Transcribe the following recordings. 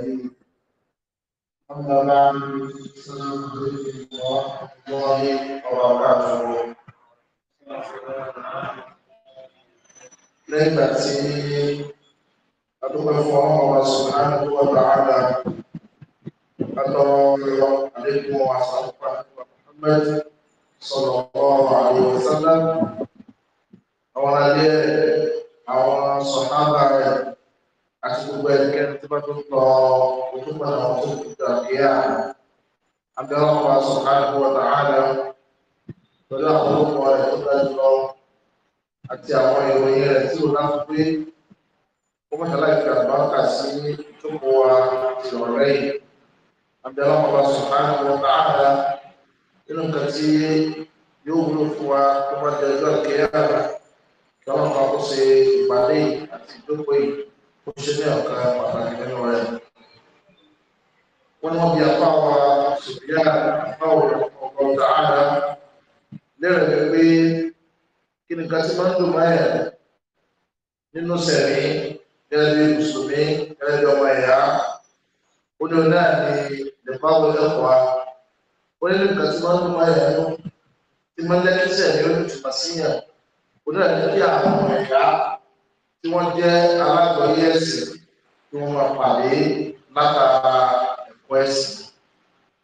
أما بعد السلام عليكم ورحمة الله وبركاته lẹ́yìn àti adúgbò fún ọmọ ṣùgbọ́n tó wà dáadá látọ̀rọ̀ àlékún àṣàkùpá Muhammad sallallahu alaihi wasallam àwọn alẹ́ àwọn sọ̀hábà rẹ̀ àti gbogbo ẹnikẹ́ni tó bá tó ń lọ ojú pa náà tó ń gbà kíá abẹ́rẹ́ ọmọ subhanahu wa ta'ala pẹ̀lú àwọn ọmọ rẹ̀ tó bá lọ àti àwọn ìròyìn rẹ̀ tí ò láti pé ó mọ̀tàlá ìfẹ́ àbáńkà sí ìjókòó wa ìrọ̀lẹ́ yìí abẹ́rẹ́ ọmọ subhanahu wa ta'ala nínú nǹkan tí yóò wúlò fún wa tó bá jẹ́ ọjọ́ kíá kí ọlọ́run bá kó ṣe ìpàdé àti ìjókòó yìí ó ṣe ní ọ̀kan pàtàkì nínú rẹ̀. Wọ́n ní wọ́n bí apá wa ṣùgbọ́n báwo ọ̀gbọ̀n tààrà lérè mi pé kí ni ká ti máa ń dùn báyà nínú sẹ̀mí gẹ́gẹ́ bí mùsùlùmí gẹ́gẹ́ bí ọmọ ẹ̀yà ó ní ọ̀nà ní ìdẹ̀báwò ẹ̀kọ́ ó ní nǹkan tí máa ń dùn báyà nínú tí máa ń jẹ́ sẹ̀mí ó ní ìtumọ̀ síyàn ó ní ọ̀nà kí àwọn ẹ̀yà tí wọ́n jẹ́ alágbọ̀yé ẹ̀sìn tí wọ́n máa pàdé látara ẹ̀kọ́ ẹ̀sìn.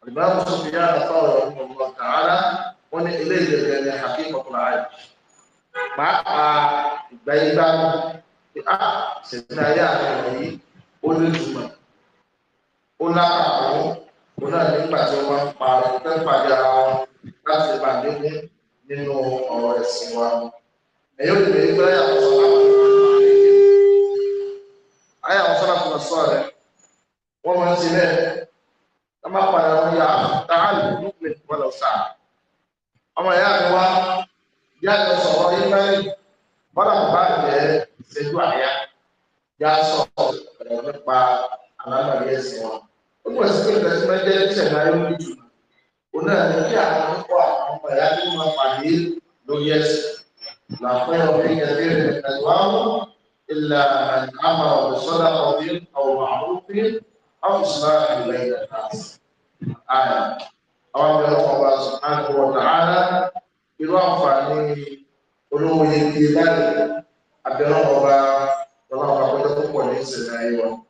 Àlùbáàmù sọ̀rọ̀ yá àtàwọn ọ̀rọ̀ ọ̀gbọ̀n tààrà wọ́n ní ilé ìjẹ̀kẹ̀ ní àkíkọ̀ kọ̀ọ̀lá àyè. Pàápàá ìgbà ìgbà pé á ah, ṣẹ̀dí ayé àtàwọn yìí ó lè túmọ̀. Ó lápapọ̀ òun náà nígbà tí wọ́n pa ọ̀pẹ́ pàdé ara wọn láti bàdé mú nínú ọ̀rọ̀ ẹ̀sìn wa. Ẹ̀yọ́ kò ní gbẹ́ sọ̀rọ̀ ayé àwọn sọ́nà kò sọ rẹ̀ wọ́n máa ń ṣe bẹ́ẹ̀ ẹ má pa ẹ̀rọ ya tààlù lópin ìpínlẹ̀ ọ̀sà ọmọ ìyá mi wá bí a lọ sọ̀rọ̀ yín báyìí bọ́dà bá jẹ́ ìṣẹ́jú àyà yá sọ ọ̀rọ̀ nípa alágbàdì ẹ̀sìn wọn ó mọ̀ sí pé ìgbésí máa jẹ́ ìṣẹ̀lẹ̀ ayé orí jù òun náà ní kí àwọn ọkọ̀ àwọn ọmọ ìyá tó máa pàdé lórí ẹ̀sìn làpẹ́ ọ̀rẹ́ yẹn lé الا من امر بصدقه او معروف او اصلاح بين الناس. امين. اوامر الله سبحانه وتعالى يرفع لي قلوب الكبار عبد الله بن الله بن عبد الله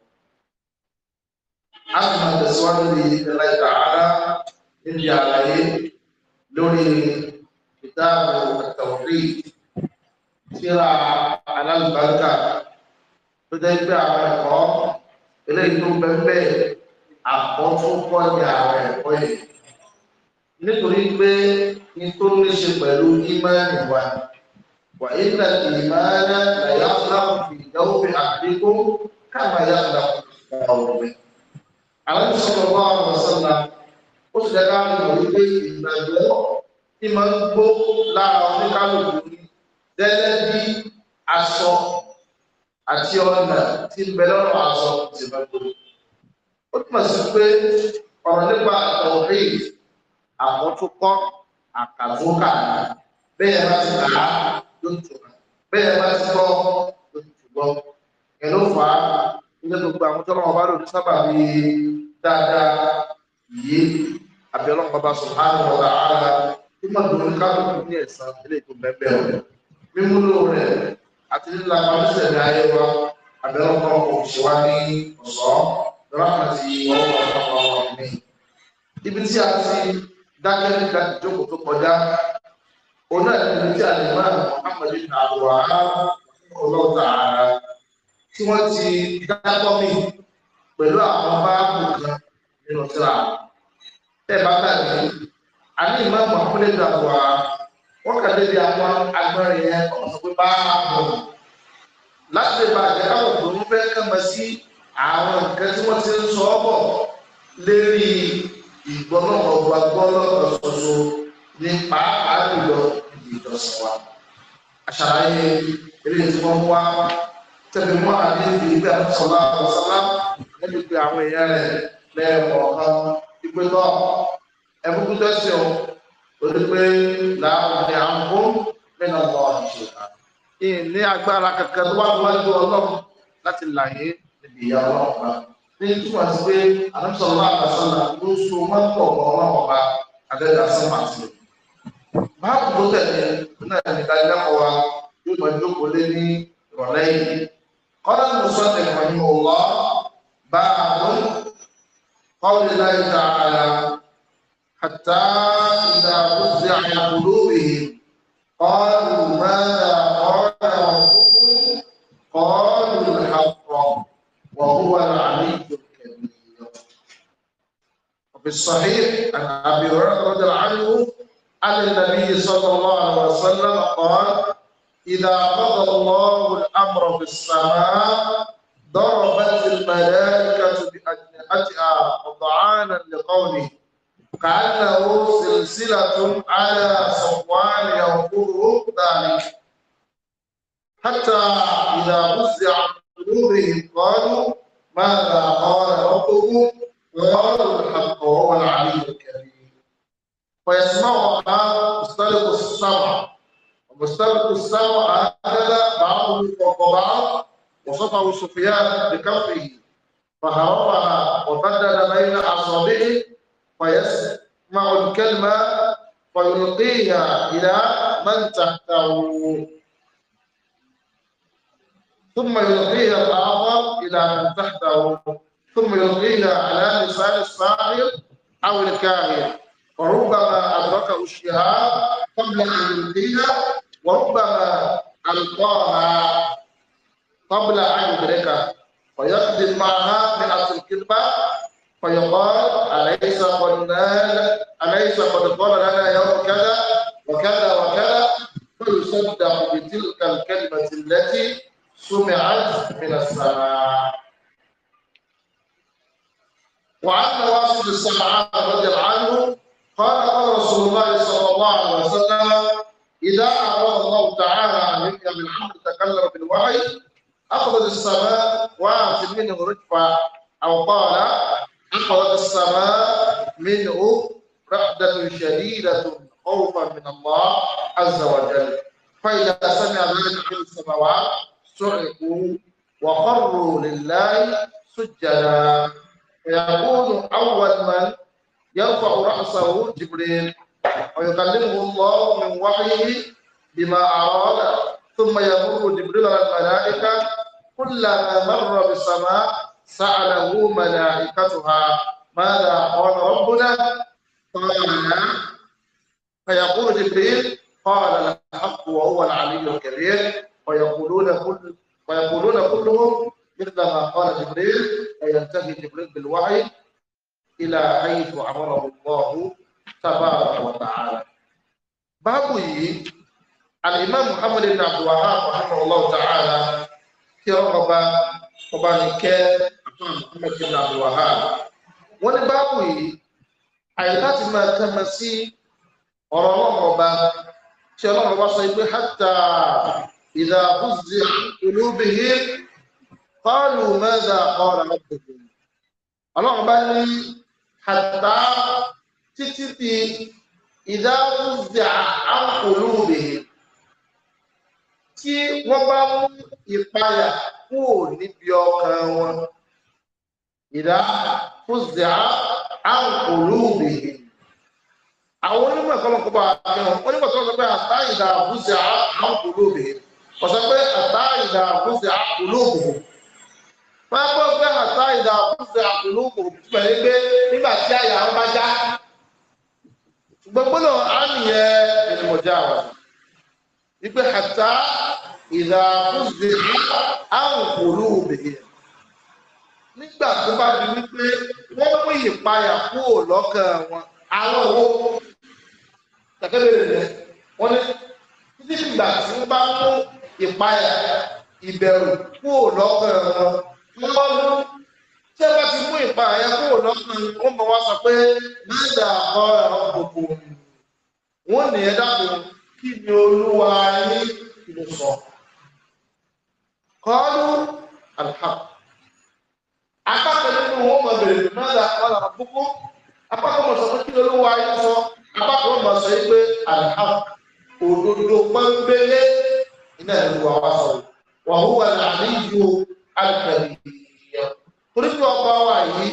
أحمد السؤال اللي الله تعالى يجي عليه لوني كتاب التوحيد شرع alálùbáríkà tó jẹ́ pé àwọn ẹ̀kọ́ eléyìí tó bẹ́ẹ̀ àkọ́túnkọ́ ní àwọn ẹ̀kọ́ yìí nítorí pé ní tó ní ṣe pẹ̀lú ìmáànì wa wà ìlà ìmáànà làyà fúláwù fi ìdáwó fi àdínkù káàmà yà fúláwù fi ìdáwó rẹ̀. àwọn ìṣòro bá wọn sọ́nà ó sì dẹ́ka mọ̀ wípé ìgbàgbọ́ tí ń gbó lára oníkálukú ní gẹ́gẹ́ aṣọ àti ọ̀nà tí ń bẹ lọ́rọ̀ aṣọ ti bẹ tó. Ó túmọ̀ sí pé ọ̀rọ̀ nípa àtọ̀wọ̀ bíi àmójúkọ́ àkàtúnkà bẹ́ẹ̀ bá ti kà á ló ń tùmọ̀ bẹ́ẹ̀ bá ti kọ́ ló ń tùmọ̀. Ẹ ló fà á nílé gbogbo àwọn tọ́lọ́ ọba lòdì sábà bí dáadáa yìí àbí ọlọ́run ọba sọ̀rọ̀ àrùn ọ̀la àrà tí mọ̀tò ní káàkiri ní ẹ̀sán ilé ìtò bẹ́ẹ̀ bẹ́ẹ̀ rẹ̀ mímúlò àti lílà àbáṣẹ̀dá ayé wa àbẹ̀wò kan kò ṣe wá ní ọ̀sán lọ́wọ́ àti ọwọ́ ọ̀pọ̀ ọ̀pọ̀ mi. Ibi tí a ti dákẹ́ níta ìjókòó tó kọjá, òun náà ní ibi tí a lè máa Muhammad ibn Abdulwa ọlọ́ọ̀tà ara tí wọ́n ti dákọ́ mi pẹ̀lú àwọn báàbù kan nínú tíra. Ẹ bá bàbí, àní ìmọ̀ Muhammad ibn Abdulwa wọ́n kà débi àwọn agbẹ́rin yẹn wọ́n sọ pé bá a bọ̀ láti lè bàjẹ́ káwọn òbí fẹ́ kàmọ́ sí àwọn nǹkan tí wọ́n ti ń sọ ọ́ bọ̀ lérí ìgbọ́nọ̀gbọ̀gbà gbọ́nọ̀gbọ̀ ṣoṣo ní pàápàá jùlọ ibi ìjọsìn wa. àṣàlàyé eré tí wọ́n wá tẹ̀lé mọ́ àdéhùn ìgbà sọ̀lá ọ̀sánlá lẹ́nu pé àwọn èèyàn rẹ̀ lẹ́ẹ̀kọ̀ọ̀kan ìpínlọ̀ ẹ̀fúnkútẹ́sì torí pé làwọn ọ̀dẹ̀ à ń kó nínú ọmọ ọ̀dẹ̀ ìyìn ní agbára kankan tó bá tó wájú ọlọ́run láti làyé níbi ìyá ọlọ́run bá ní túmọ̀ sí pé àdúgbò àkàsánà ló so mọ́tò ọlọ́run ọba àdẹ́dà sí màtí. báàbù tó tẹ̀lé náà ní ìdánilẹ́kọ̀ọ́ wa yóò máa jókòó lé ní ìrọ̀lẹ́ yìí. قال المصدق رحمه الله باب قول حتى إذا وزع عن قلوبهم قالوا ماذا قال ربكم قالوا الحق وهو العلي الكبير وفي الصحيح عن أبي هريرة رضي الله عنه أن النبي صلى الله عليه وسلم قال إذا قضى الله الأمر في السماء ضربت الملائكة بأجنحتها وضعانا لقوله كأنه سلسلة على صفوان ينقضه ذلك حتى إذا وزع عن قلوبهم قالوا ماذا قال ربكم قالوا الحق وهو العلي الكريم فيسمعها مستلق السمع ومستلق السمع هكذا بعضهم فوق بعض وصفه سفيان بكفه فهربها وبدل بين أصابعه فيسمع الكلمة فيلقيها إلى من تحته ثم يلقيها الآخر إلى من تحته ثم يلقيها على لسان الساحر أو الكاهن وربما أدركه الشهاب قبل أن يلقيها وربما ألقاها قبل أن يدركها فيقضي معها مئة الكلمة فيقال أليس قد نال أليس قد قال لنا يوم كذا وكذا وكذا فيصدق بتلك الكلمة التي سمعت من السماء وعن واصل السمعان رضي الله عنه قال قال رسول الله صلى الله عليه وسلم إذا أراد الله تعالى منك من حمد تكلم بالوحي أخذ السماء وأعطي منه رجفة أو قال أخرج السماء منه رعدة شديدة خوفا من الله عز وجل فإذا سمع ذلك في السماوات صعقوا وقروا لله سجدا فيكون أول من يرفع رأسه جبريل ويكلمه الله من وحيه بما أراد ثم يمر جبريل على الملائكة كلما مر بالسماء سأله ملائكتها ماذا قال ربنا قال فيقول جبريل قال الحق وهو العلي الكبير ويقولون كل ويقولون كلهم مثل ما قال جبريل وينتهي جبريل بالوعي إلى حيث أمره الله تبارك وتعالى báàbù yìí alimami muhammad ibn abdulwahab rahimahullah ta'ala kí ọkọ̀ bá ọba ní kẹ́ àtúntò hmm, àbúwàhá wọ́n ní báwò yìí àyè láti máa tẹ́mọ sí ọ̀rọ̀ ọlọ́run ọba tí ọlọ́run ọba sọ pé hátà ìdá àbúzì olóbìhí kọ́ọ̀lù mẹ́ta ọ̀rọ̀ ọ̀bùnú ọlọ́run ọba ní hátà títí di ìdá àbúzì àwọn olóbìhí tí wọ́n bá mú ìpayà kúò níbi ọkàn wọn ìdá fúzà àǹkòrò òbèèrè àwọn onímọ̀ ìkọlọ́kọ́ bá àfihàn onímọ̀ tó sọ pé àtà ìdá fúzà àǹkòrò òbèèrè ọ̀sẹ̀ pé àtà ìdá fúzà àǹkòrò òbèèrè máa gbọ́ pé àtà ìdá fúzà àǹkòrò òbèèrè pẹ̀lú pé nígbà tí àyà ń bá já gbogbo náà á nìyẹn ìdìmọ̀já àwọn wípé hàtà ìlà fúnṣe àrùn kòló obìnrin nígbà tó bá di wípé wọ́n mú ìpayà kúrò lọ́kàn wọn àwọn owó tàbẹ́rẹ́ rẹ̀ wọ́n ní títí ìgbà tí wọ́n bá mú ìpayà ìbẹ̀rù kúrò lọ́kàn wọn wọ́n mú tí ẹ bá ti mú ìpayà kúrò lọ́kàn wọn mọ̀ wá sọ pé nígbà kọ́ ẹ̀rọ gbogbo wọn ní dábòó kí ni olúwa ayé ló sọ kọ́ọ̀lù alhaq apákan nínú wọn mọ̀ bẹ̀rẹ̀ mọ́dà wàlà àbúkú apákan mọ̀ sọ pé kí ni olúwa ayé sọ apákan mọ̀ sọ pé alhaq òdodo pọ́nbélé iná ìlúwa wa sọ wà hùwà làlíyù alkàlíyà torí pé ọba wa yìí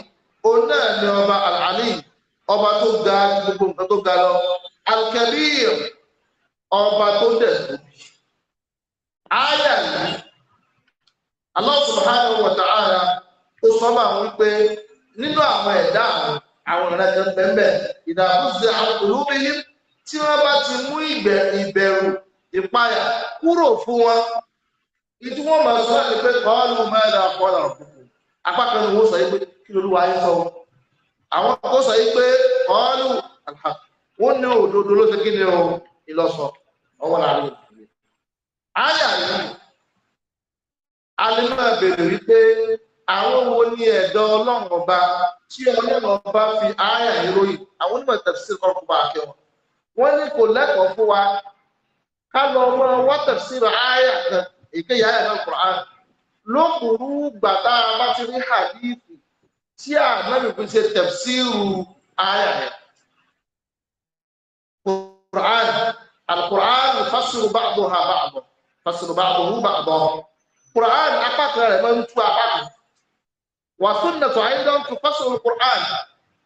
òun náà ni ọba alàlíyù ọba tó ga gbogbo nǹkan tó ga lọ alkàlíyà ọba tó dẹ̀ tóbi ayà yìí Allah subhanahu wa ta'ala ó sọ bá wọn pé nínú àwọn ẹ̀dá àwọn ìran kan bẹ́ẹ̀ ìdàkúnṣe àwọn olóbìnrin tí wọ́n bá ti mú ìbẹ̀rù ìpayà kúrò fún wọn ìdí wọn máa sọ láti pé kọ́ọ̀lù mẹ́rin àkọọ́lù àkókò apákan ni wọ́n sọ pé kí lolúwa yín sọ àwọn tó sọ pé kọ́ọ̀lù àlhà wọ́n ní òdodo ló ṣe kí ni o ìlọsọ ọwọ́ láàrin ìgbàlẹ̀. Àyà yìí, a lè máa bèèrè wípé àwọn wo ni ẹ̀dọ́ ọlọ́run ọba tí ọlọ́run ọba fi àyà yìí ròyìn, àwọn onímọ̀ tafsir ọkùnrin bá kẹ́ wọn. Wọ́n ní kò lẹ́kọ̀ọ́ fún wa ká lọ mọ wọ́n tafsir àyà kan, èkéyà àyà náà Qur'an. Lókùrú gbàtà bá ti rí hadith tí ànábì fi ṣe tafsiru àyà yẹn. Qur'an alukur'an fasiru báàbò ha báàbò fasiru báàbò hu báàbò kur'an apá kan rẹ̀ máa ń tú apá kan wà súnà tó ayé dán tó fasiru kur'an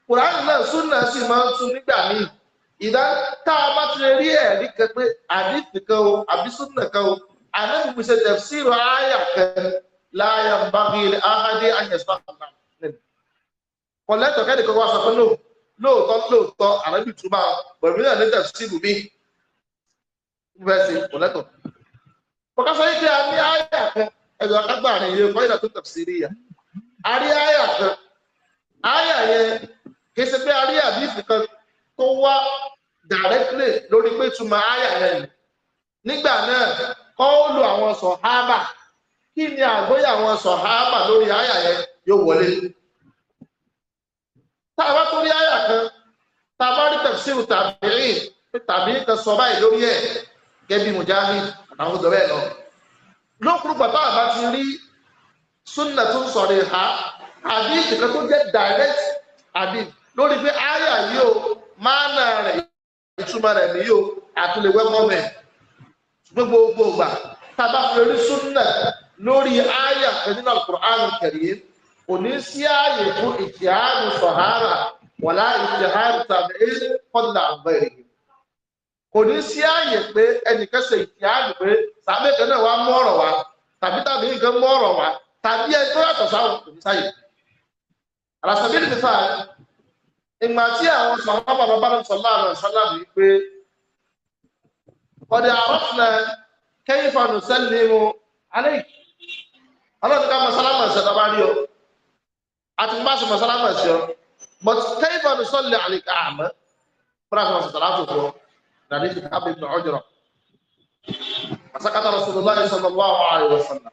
kur'an náà súnà sì máa ń tú nígbà míì ìdá tá a bá ti rí ẹ̀rí kan pé àdìsí kan o àbí súnà kan o àdìsí fi ṣe tẹ̀síìrò àyà kan láyà ń bẹ́ẹ̀ sí kò lẹ́tọ̀. Bọ́ká sọ yìí pé a ní àyà kan ẹ̀dọ̀ akágbà ní ilé ẹ̀kọ́ ìdàtún tafsiriyya. A rí àyà kan, àyà yẹn kì í ṣe pé a rí àdìsí kan tó wá directly lórí pé túmọ̀ àyà yẹn nì. Nígbà náà, kọ́ ó lo àwọn sọ̀hábà. Kí ni àgbóyà àwọn sọ̀hábà lórí àyà yẹn yóò wọlé? Tá a bá tó rí àyà kan, tá a bá rí tafsiru tàbí tàbí kan sọ báyìí lórí ẹ̀ gẹ́bí mujahid àtàwọn ọ̀dọ́ bẹ́ẹ̀ lọ. lókùrú bàbá àbá ti rí súnà tó ń sọ̀rọ̀ ìhà àbí ìtìkan tó jẹ́ direct àbí lórí pé àyà yìí o máa nà rẹ̀ ìtumọ̀ rẹ̀ nìyí o àtúlẹ̀wẹ́ mọ́mẹ́ gbogbo gbà tábà fi rí súnà lórí àyà nínú Al-Qur'an Karim kò ní sí ààyè fún ìtìhánù sọ̀hárà wọ̀lá ìtìhánù tàbí kọ́ńdà kò ní sí ààyè pé ẹnìkan ṣe ìtìhádì pé sàbẹ̀ kan náà wá mú ọ̀rọ̀ wá tàbí tàbí nǹkan mú ọ̀rọ̀ wá tàbí ẹni tó yàtọ̀ sáwọn kò ní sáyè. àràsàbí ni fífa ìgbà tí àwọn sọ̀rọ̀ bàbá bá ń sọ láàrin ọ̀sánlá mi pé ọ̀dẹ̀ àrọ́fìnà kẹ́yìn fanù sẹ́lẹ̀ mu alẹ́ ọlọ́run ká mọ̀sálámà ṣẹ̀ lọ́ba rí ọ àti bá ṣe mọ̀sálámà ṣẹ̀ ọ but kẹ́yìn fanù sọ́lẹ̀ àlẹ́ ká àmọ́ fúnra ṣe mọ̀sálámà fòfò حديث كعب بن عجرة فسكت رسول الله صلى الله عليه وسلم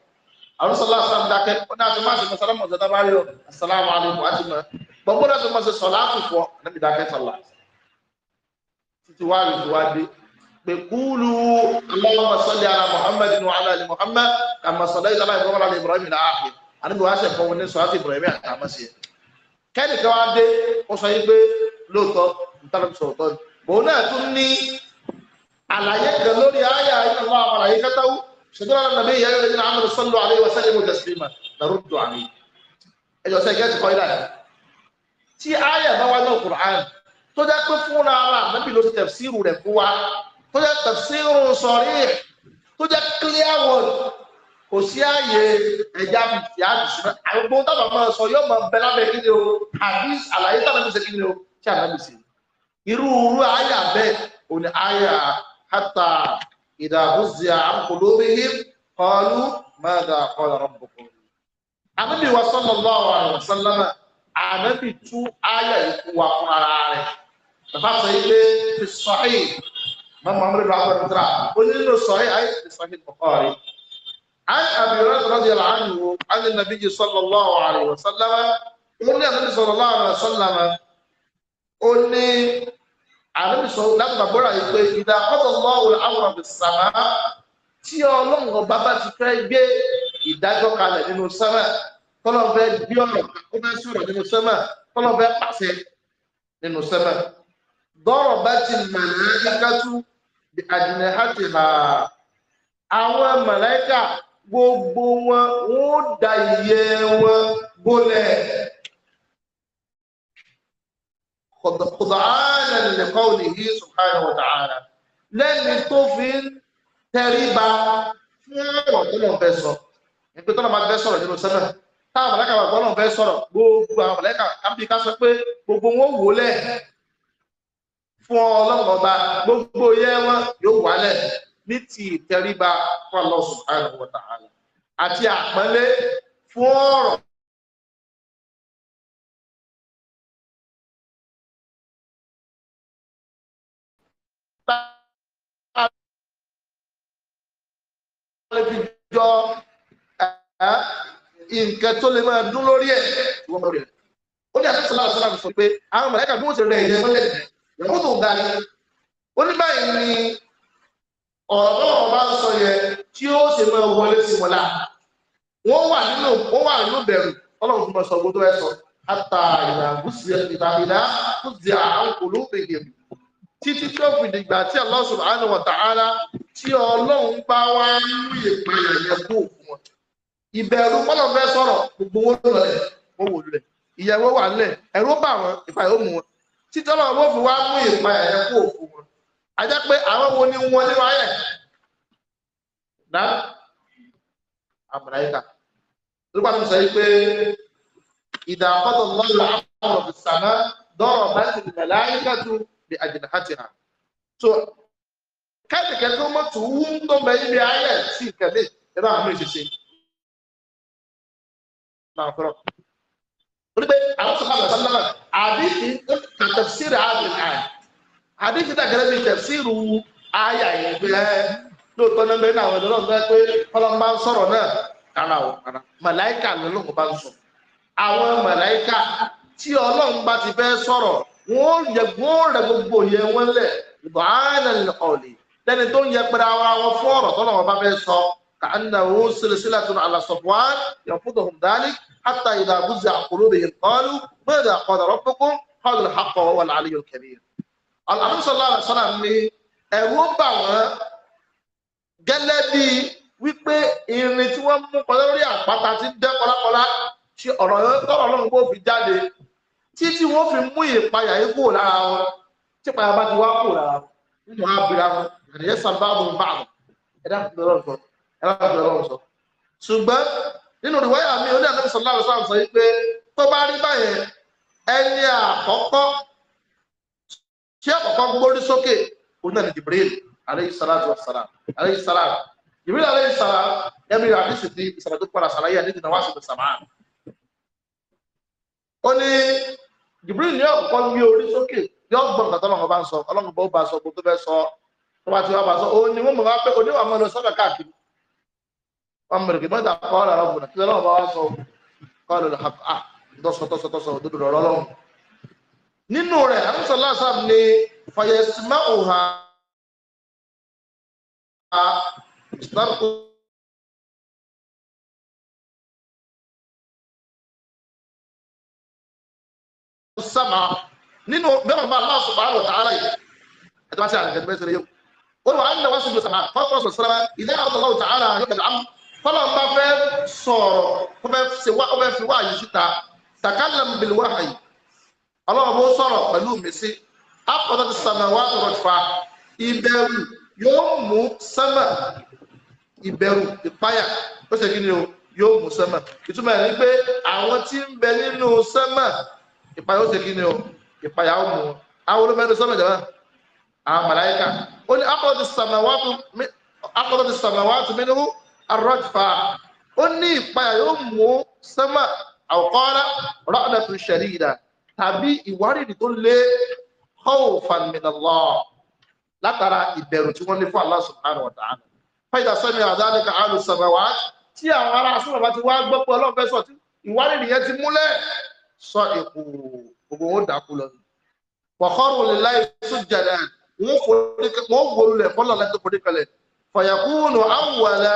àwọn sọlá sàm dákẹ́ ọdún àti máa ṣe mọ̀sára mọ̀sá tá a bá rí ọ asalaamu alaykum àti mọ̀ gbogbo náà ṣe mọ̀ ṣe sọlá àkùkọ níbi dákẹ́ allahumma salli ala muhammad wa ala ali muhammad kama sallaita ala ibrahim ala ibrahim ní ààfẹ àníbi wàá ṣe fún wọn ní sọ àti ibrahim àtàmọ́sẹ̀ kẹ́nìkan wá dé ó sọ yí pé lóòótọ́ ntàlẹ́ sọ̀tọ́ ni bòun náà tún ní àlàyé kan lórí àyà iná lọ àwọn àlàyé kẹtàwó ṣètò àwọn nàbí ìyá yóò lè nínú àmàlù sọlọ àlẹ ìwà sẹlẹ mọjà sílẹmà lọrọ dùn àmì ẹjọ sẹ gẹẹsì kọ ìlànà tí àyà bá wà náà kùrán tó jẹ pé fúnra ara ànábì ló ti tafsiru rẹ̀ fún wa tó jẹ tafsiru sarih tó jẹ clear word kò sí ààyè ẹja fìfì àdìsínà àgbọn tábà máa sọ yóò máa bẹ lábẹ́ kí ni o àdìs àlàyé tábà mi ṣe ni o tí ànábì ṣe irú irú àyà bẹ́ẹ̀ òní àyà hátà ìdàbùsì àkùlóbìhì kọlu mẹ́ta kọlu rabbukum. Ànábì wa sallallahu alaihi wa sallam ànábì tú àyà ikú wa fún ara rẹ̀. Bàbá sọ ilé fi sahih mọ́mọ́ mi rà wọ́n tẹ̀ra ó ní nínú sahih fi sahih Bukhari. عن أبي هريرة رضي الله عنه عن النبي صلى الله عليه وسلم قلنا صلى الله عليه وسلم ó ní àrẹ́bìsọ láti bàbọ́ra yìí pé ìdá ọ̀dọ̀lọ́wọ̀ àwọn àbẹ̀sàmá tí ọlọ́run ọba bá ti fẹ́ gbé ìdájọ́ kalẹ̀ nínú sẹ́mà tọ́lọ́ fẹ́ gbé ọ̀rọ̀ ó fẹ́ sọ̀rọ̀ nínú sẹ́mà tọ́lọ́ fẹ́ pàṣẹ nínú sẹ́mà dọ́rọ̀ bá ti màláìkátú bí àdìnà hàtì hà àwọn màláìkà gbogbo wọn wọn ó da iye wọn gbólẹ̀ kọ̀dọ̀ánà lè kọ́ọ̀lì yìí subhanahu wa ta'ala lẹ́ni tó fi ń tẹríba fún ọ̀rọ̀ tó lọ́n fẹ́ sọ ìpè tó lọ́n máa fẹ́ sọ̀rọ̀ nínú sẹ́nà táwọn mọ̀lẹ́kà wà gbọ́dọ̀ fẹ́ sọ̀rọ̀ gbogbo àwọn mọ̀lẹ́kà kábí ká sọ pé gbogbo wọn wò fún ọlọ́run ọba gbogbo yẹ wọn yóò wálẹ̀ ní ti ìtẹríba fún Allah subhanahu wa àti àpọ́nlé fún ọ̀rọ̀ tá a lè fi jọ nǹkan tó lè máa dún lórí ẹ̀ wọ́n mọ̀ rẹ̀. ó ní àṣẹ sọlá sọlá sọ pé àwọn mọ̀lẹ́kà bí wọ́n ti rẹ̀ ẹ̀yẹ mọ́lẹ̀ ìyàwó tó ga ni. ó ní báyìí ni ọ̀rọ̀ náà bá ń sọ yẹn tí ó sì máa wọlé sí wọn wà nínú wọ́n wà nínú bẹ̀rù ọlọ́run fún ọ̀sán gbogbo ẹ̀ sọ. àtà gúúsì ìlà gúúsì àwọn kòló títí tí ó fi dìgbà tí Allah subhanahu wa ta'ala tí ọlọ́run bá wá ń mú ìpè ẹ̀yẹ kú òkú wọn ìbẹ̀rù pọ́lọ̀ fẹ́ sọ̀rọ̀ gbogbo owó lọlẹ̀ wọ́n wò lulẹ̀ ìyàwó wà nílẹ̀ ẹ̀rú bá wọn ìfà yóò mú wọn títí ọlọ́run wọ́n fi wá mú ìpè ẹ̀yẹ kú òkú wọn a jẹ́ pé àwọn wo ni wọn nínú ayẹ̀ dá àmàlàyíkà lórí pàtó bá ti mẹ̀láyíkà bi ajnihatiha so káàdì kẹtọ mọ tó wú ń tó bẹ ibi ayé sí ìkẹlẹ ẹbá àwọn mìíràn ṣiṣẹ náà kọrọ wọn bẹ àwọn sọ fún àbẹsán náà àdìsí ka tafsir àbí àyè àdìsí dàgẹrẹ bí tafsir àyè àyè gbẹ lóòótọ́ náà bẹ́ẹ̀ náà àwọn ẹ̀dọ́ náà pé kọ́lọ́n bá ń sọ̀rọ̀ náà kára o kára màláìkà lọ́lọ́kọ̀ bá ń sọ àwọn màláìkà tí ọlọ́run bá ti fẹ́ sọ̀rọ̀ wọ́n yẹ wọ́n rẹ gbogbo yẹ wọ́n lẹ̀ ìbáraẹnì ọ̀lẹ̀ lẹ́ni tó ń yẹ pẹ̀lú àwọn àwọn fọ́ọ̀rọ̀ tọ́lọ̀ wọn bá fẹ́ sọ kàánà òun sílẹ̀sílẹ̀ tó náà àlàsọ̀fọ́ yẹn fún tòun dání hátà ìdá àbúzẹ̀ àkùrọ̀ rẹ̀ yẹn kọ́lù bẹ́ẹ̀ àkọ́dà rọ́pẹ́kọ́ hàlù àkọ́ wà láàrin yóò kẹ́lẹ́ alhamdulilayi alasana ni ẹ̀rù ń bà wọ́n gẹ́lẹ́ wípé irin tí wọ́n mú kọ́ àpáta ti dẹ́ kọ́lákọ́lá tí ọ̀rọ̀ yóò tọ́rọ̀ lọ́run títí wọ́n fi mú ìpayà yìí kúrò lára wọn tí ìpayà bá ti wá kúrò lára wọn nínú abira wọn àdìyẹ sábà mú bá wọn ẹ̀dá fúnlọ́rọ̀ sọ ẹ̀dá fúnlọ́rọ̀ sọ. ṣùgbọ́n nínú ìwáyà mi oní àdébísọ̀ láàrú sáà sọ pé tó bá rí báyẹn ẹni àkọ́kọ́ tí àkọ́kọ́ gbórí sókè oní àdé Jibril alayhi salatu wa salam alayhi salam Jibril alayhi salam ẹ̀mí àdìsí ti ìsàlẹ̀ tó padà sàlàyé àdìsí náà wá ó ní Jibril ní ọ̀kọ̀kọ́ gbé orí sókè yóò gbọ́n nǹkan tọ́lọ́run bá ń sọ ọlọ́run bó bá sọ gbogbo bẹ́ẹ̀ sọ tó bá ti wá bá sọ ó ní wọ́n mọ̀ wá pé oníwà mọ́ lọ sọ́dọ̀ káàkiri wọ́n mọ̀ rìkì mọ́ta kọ́ ọ̀rọ̀ ọ̀rọ̀ bùnà kí ọlọ́run bá wá sọ kọ́ ọ̀rọ̀ ha tọ́sọ tọ́sọ tọ́sọ òdodo rọ̀ ọlọ́run nínú rẹ̀ àrùsọ lásán ni fàyẹ̀sìmá òhà ìsìlámù Sama, nínú mẹ́wàá bá aláwọ̀ sọ̀rọ̀ àwọn ọ̀tá aláyè ẹ̀dọ́ àti àrẹ̀kẹ́ bẹ́ẹ̀ sẹ́rẹ̀ yóò wọ́n wà á nílẹ̀ wọ́n sì gbèsè àmà fọ́pọ̀ sọ̀rọ̀ sọ́rọ̀ ilé àwọn ọ̀tá ọ̀tá ara yóò kẹ̀lẹ́ àmú fọ́lọ́ bá fẹ́ sọ̀rọ̀ ó fẹ́ fi wá àyè síta takallam bil wahyi ọlọ́run bó sọ̀rọ̀ pẹ̀lú mèsì àpọ̀tọ́ ti sàmà yóò mú sẹ́mà ìtumọ̀ ẹ̀ ní pé àwọn tí ń bẹ nínú sẹ́mà ìpayà ó ṣe kí ni o ìpayà ó mú wọn àwọn olómẹ́rin sọ́nà jẹ́ àwọn màláíkà ó ní akọ́lọ́dì sàmàwá tó mẹ́nu arọ́jìfà ó ní ìpayà yóò mú sẹ́mà àwòkọ́lá rọ́ọ̀dà tó ṣẹ̀rí ìdá tàbí ìwárìrì tó lé khawfan min Allah látara ìbẹ̀rù tí wọ́n ní fún Allah subhanahu wa ta'ala fẹ́jà sẹ́mi àdáníkà àlùsàmàwá tí àwọn ará asọ́nà bá ti wá gbọ́pọ̀ ọlọ́fẹ́sọ̀ tí ìwárìrì yẹn ti múlẹ̀ sọ ìkù gbogbo wọn dàkú lọ wàhọ́rù lillahi sujjadan wọ́n wọlé fọ́lọ̀ láti forí kalẹ̀ fàyàkúnù awwala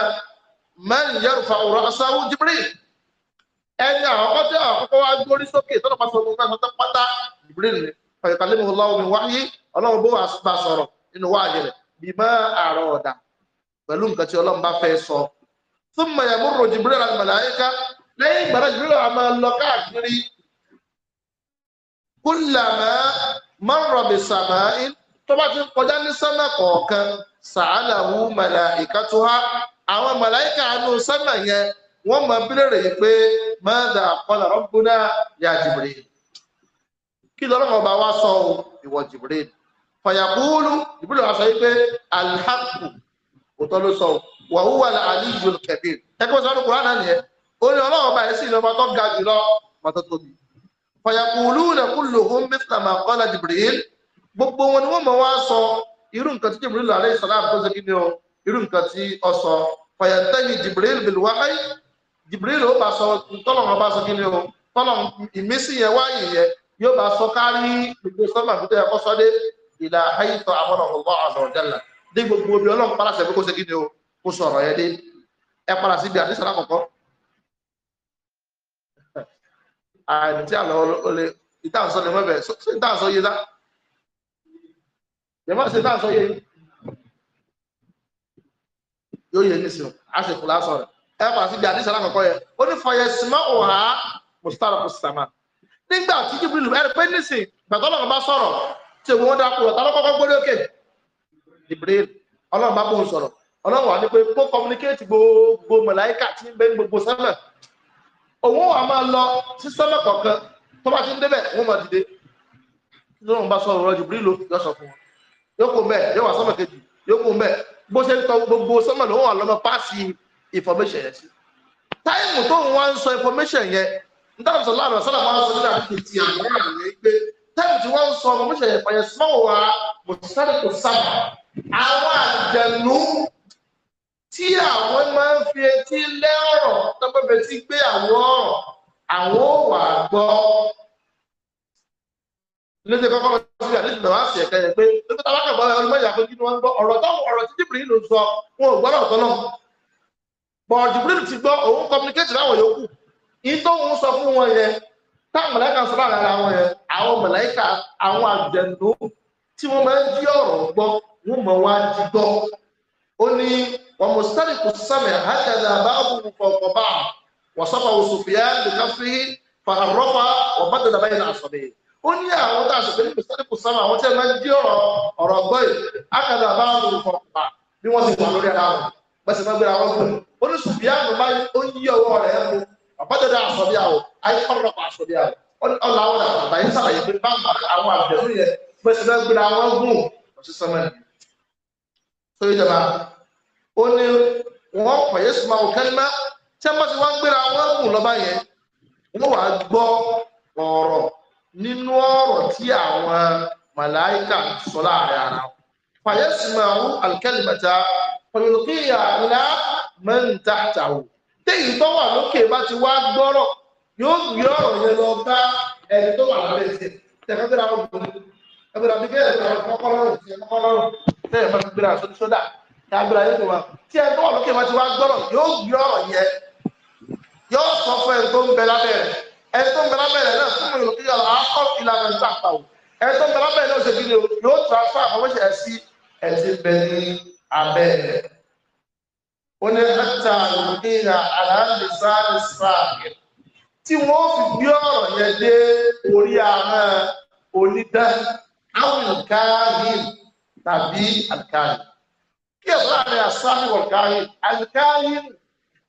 man yarfa'u ra'sahu Jibril ẹni àkọ́kọ́ tí àkọ́kọ́ wá gbórí sókè tọ́lọ́ pàṣẹ ogun náà sọ́tọ́ pátá Jibril ni fàyàkálẹ́mù ọlọ́run mi wáyé ọlọ́run bó wà sọ̀rọ̀ nínú wáyé rẹ̀ bí mọ́ àárọ̀ ọ̀dà pẹ̀lú nǹkan tí ọlọ́run bá fẹ́ sọ thumma yamurru Jibril al-malaika lẹ́yìn ìgbàlá kúlàmà mọ́rọ̀bì sàmáì tó bá ti kọjá ní sánà kọ̀ọ̀kan sàálàwù màláìka tó há àwọn màláìka àánú sánà yẹn wọ́n mọ bílẹ̀rẹ̀ yìí pé mọ́dà kọlà rọ́gbóná yà jìbìrì kí lọ́rọ̀ ọba wa sọ ìwọ jìbìrì fàyàkúlù jìbìrì wa sọ yìí pé alhaku òtọ́ ló sọ wàhúwà àlíjù kẹbìrì ẹgbẹ́ sọ́dún kúránà nìyẹn ó ní ọlọ́run ọba yẹn sì tó ga jùlọ fàyàkùlùnà kulluhum mithla ma qala Jibril gbogbo wọn ni wọ́n mọ̀ wá sọ irú nǹkan tí Jibril alayhi salam tó ṣe kí ni ọ irú nǹkan tí ọ sọ fàyàntẹ́yì Jibril bil Jibril ó bá sọ tọ́lọ̀mọ́ bá sọ kí ni ọ tọ́lọ̀m ìmísí yẹn wáyé yẹn yóò bá sọ kárí gbogbo sọ́mà tó yẹ kọ́ sọ́dé ìlà àyíkọ́ àwọn ọ̀gbọ́n àzọ̀jẹ́là dé gbogbo obì ọlọ́run pàlàṣẹ pé kó ṣe kí ni ọ kó sọ̀rọ̀ yẹn dé ẹ pàlàṣẹ ibi àdísàlá kọ̀ọ̀kan àìní tí àlọ́ olè ìtànsọ́ lè mọ́bẹ̀ sí ìtànsọ́ yé dá yẹmọ́ sí ìtànsọ́ yé yóò yé ní sùn a sì kù lásán ẹ pàṣẹ bí àdísọ́ lákọ̀ọ́kọ́ yẹ ó ní fọyẹ símọ́ òhà mustapha kusama nígbà tí jibril ẹ pé nísìn gbàgbọ́ ọlọ́run bá sọ̀rọ̀ tí òun ó dákú ọ̀tá lọ́kọ́kọ́ gbórí òkè jibril ọlọ́run bá bóun sọ̀rọ̀ ọlọ́run wà ní pé kó communicate gbogbo mọ̀láíkà tí ń bẹ gbogbo sánmà òun wà máa lọ sí sẹ́mẹ̀ kọ̀ọ̀kan tó bá ti ń débẹ̀ wọ́n máa dìde lóun bá sọ̀rọ̀ rọ́jù bírílò yóò sọ fún wọn yóò kó mbẹ́ yóò wà sẹ́mẹ̀ kejì yóò kó mbẹ́ bó ṣe ń tọ gbogbo sẹ́mẹ̀ lòun wà lọ́mọ páàsì information yẹn sí táìmù tó ń wá ń sọ information yẹn ń dáhùn sọ láàrọ̀ sọ́dọ̀ máa ń sọ nígbà tó ti àwọn àrùn yẹn pé táìmù tí wọ́n ń sọ information yẹn pẹ̀yẹ sọ́wọ́ wa mùsùlùmí kò sábà àwọn àjẹnú tí àwọn máa ń fi etí lé ọ̀rọ̀ tọ́pẹ́pẹ́ tí gbé àwọn ọ̀rọ̀ àwọn ò wà gbọ́ lóde kọ́kọ́ sí àlejò náà wá sí ẹ̀ka yẹn pé lókè tá a bá kàn gbọ́ ọdún mẹ́jọ àpéjú ni wọ́n ń gbọ́ ọ̀rọ̀ tó ọ̀rọ̀ tí jìbìrì ló sọ wọn ò gbọ́dọ̀ tọ́nà bọ̀ jìbìrì ti gbọ́ òun communicate láwọn yòókù yìí tó ń sọ fún wọn yẹn táwọn mọ̀lẹ́kà sọ lára wọn yẹn àwọn mọ̀lẹ́kà àwọn àjẹ̀nú tí wọ́n máa ń jí ọ̀rọ̀ gbọ́ wọ́n mọ̀ wá jí gbọ́ ó ní ومسترق السمع هكذا بعضه فوق بعض وصفه سفيان بكفه فعرف وبدل بين عصبيه ó ní àwọn tá a sì pé ní mùsùlùmí kò sáwọn àwọn tí ẹ máa ń jí ọ̀rọ̀ ọ̀rọ̀ gbọ́ yìí akadà bá ń lò kọ̀ọ̀pá bí wọ́n sì wà lórí ara wọn bẹ́sẹ̀ máa gbéra wọn gbọ́n ó ní sùfìyàmù máa ó ń yí ọwọ́ rẹ̀ mú àbájáde àsọ̀bí àwọ̀ ayé ọ̀rọ̀pọ̀ àsọ̀bí àwọ̀ ọ̀là àwọn àgbà yìí sàlàyé pé bá àwọn àbẹ̀rù yẹn bẹ́sẹ̀ máa gbéra wọn gùn ọ̀sísọ́mẹ́ni ó ní wọ́n pẹ̀yẹ́ sí máa kẹ́ mẹ́ tí wọ́n ti wá gbéra wọ́n mú lọ́ba yẹn wọ́n wàá gbọ́ ọ̀rọ̀ nínú ọ̀rọ̀ tí àwọn màláìkà sọ láàrin ara wọn pẹ̀yẹ́ sí máa wú àlùkẹ́lìmẹ̀ta pẹ̀lú kí ìyá ńlá mẹ́ǹta tàwọn téyì tó wà lókè bá ti wá gbọ́rọ̀ yóò gbé ọ̀rọ̀ yẹn lọ bá ẹni tó wà lábẹ́ ẹsẹ̀ tẹ̀kẹ́bẹ̀rẹ̀ àwọn obìnrin ẹgbẹ̀rẹ̀ àbíkẹ́ ẹ̀rọ kọ́kọ́rọ́ agbára yóò tó wa tí ẹ tó wà lókè wọn ti wá gbọ́rọ̀ yóò gbé ọ̀rọ̀ yẹ yóò sọ fún ẹni tó ń bẹ lábẹ́rẹ̀ ẹni tó ń bẹ lábẹ́rẹ̀ náà fún mi lòkè yàrá akọ ìlànà ìta àpàwò ẹni tó ń bẹ lábẹ́rẹ̀ náà ṣe bí ni yóò transfer àfọwọ́sẹ̀ ẹ sí ẹ ti bẹ ní abẹ́rẹ̀ ó ní ẹ̀ta lòkè yà aláǹdè sáré sáré tí wọ́n fi gbé ọ̀rọ̀ yẹn dé orí àwọn onídàá àwọn ìkáàrin tàbí àkáàrin kí ẹ̀sọ́ láàrin àsáàmì wọ̀ káyìn àlùkáyìn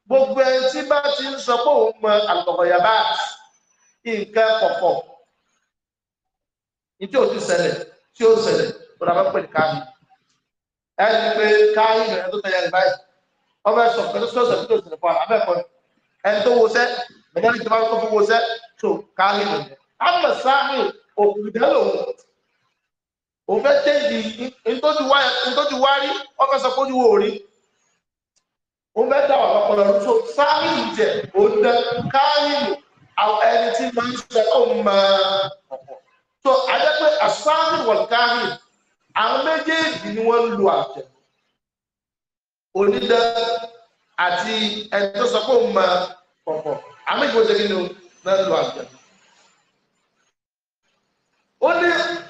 gbogbo ẹni tí bá ti ń sọ pé òun mọ àlùkọ̀yàbá nǹkan kọ̀kọ̀ ní tí ó ti ṣẹlẹ̀ tí ó ṣẹlẹ̀ tó dàbá pè ní káyìn ẹni pé káyìn rẹ̀ tó tẹ̀yẹ báyìí ọba ẹ̀sọ̀ pẹ̀lú sọ́ọ̀sẹ̀ tó ṣẹlẹ̀ fún abẹ́ẹ̀kọ́ ẹni tó wọṣẹ́ mẹ̀lẹ́ni tó bá tó fún wọṣẹ́ tó káyìn rẹ̀ òun fẹ́ tẹ́jì ntójú wá rí ọkọ̀ sọ pójú wò rí òun fẹ́ dáwà lọ́pọ̀lọ́ tó sáré ìjẹ́ òǹdẹ káàrínù ẹni tí máa ń sọ kó mọ́ ọ̀pọ̀ tó adẹ́pẹ́ àsáré wọ̀n káàrínù àwọn méjèèjì ni wọ́n ń lu àjẹ́ onídẹ àti ẹni tó sọ kó mọ́ ọ̀pọ̀ àmì ìgbòjẹ́ nínú náà lu àjẹ́ ó ní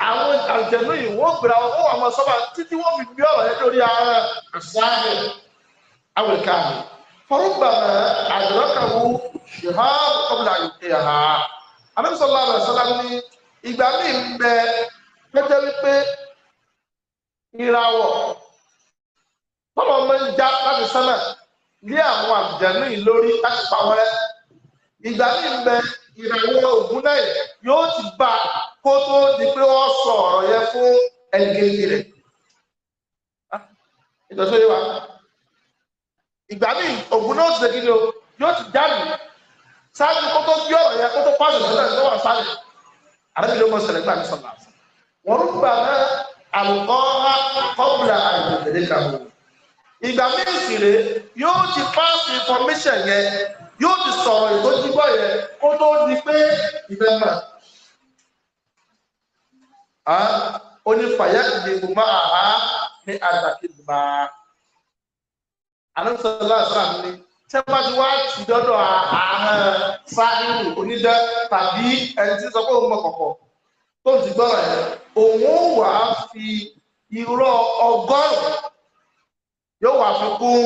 àwọn àjẹ̀nú yìí wọ́n gbèrè àwọn ọmọ àwọn sọ́ba títí wọ́n fi gbé ọ̀rọ̀ yẹn lórí ara ṣáàbì awèká mi fọlùgbàmọ̀ àdìrọ́kàwù ṣèhàn kọ́bìlà ìpè ha anábìsọ̀lá rẹ̀ sọ́lá ní ìgbà míì ń bẹ pẹ́jẹ́ wípé ìràwọ̀ tọ́lọ̀ ọmọ ń já láti sánà lé àwọn àjẹ̀nú yìí lórí láti pa wọ́n ìgbà míì ń bẹ ìràwọ̀ ògùn yóò ti bá kó tó di pé wọ́n sọ ọ̀rọ̀ yẹn fún ẹnìkejì rẹ̀ ah, ìtọ́sóyè wa ìgbà míì ògùn náà ti ṣèkìlì o yóò ti jáde sáájú kó tó bí ọ̀rọ̀ yẹn kó tó pàṣẹ sílẹ̀ tó wà sáré àrẹ́bí ló mọ̀ sẹ̀lẹ̀ gbà ní sọ̀lá wọ́n ń gbà náà àlùkọ́ kọ́bùlà àìbèbèrè kàwọ́ ìgbà míì sì rè yóò ti pàṣẹ information yẹn yóò ti sọ̀rọ̀ ìtọ́jú bọ̀ yẹn kó tó di pé ìfẹ́ mọ̀ ó ní fàyà ìdìbò máa ha ní àdàkìdìbà anamsala islam ni tẹ bá ti wá tù dọ́dọ̀ àhán sáírù onídẹ tàbí ẹni tí sọ pé òun mọ kọ̀kọ̀ tó ti gbọ́rọ̀ yẹn òun ó wà á fi irọ́ ọgọ́rùn yóò wà fi kún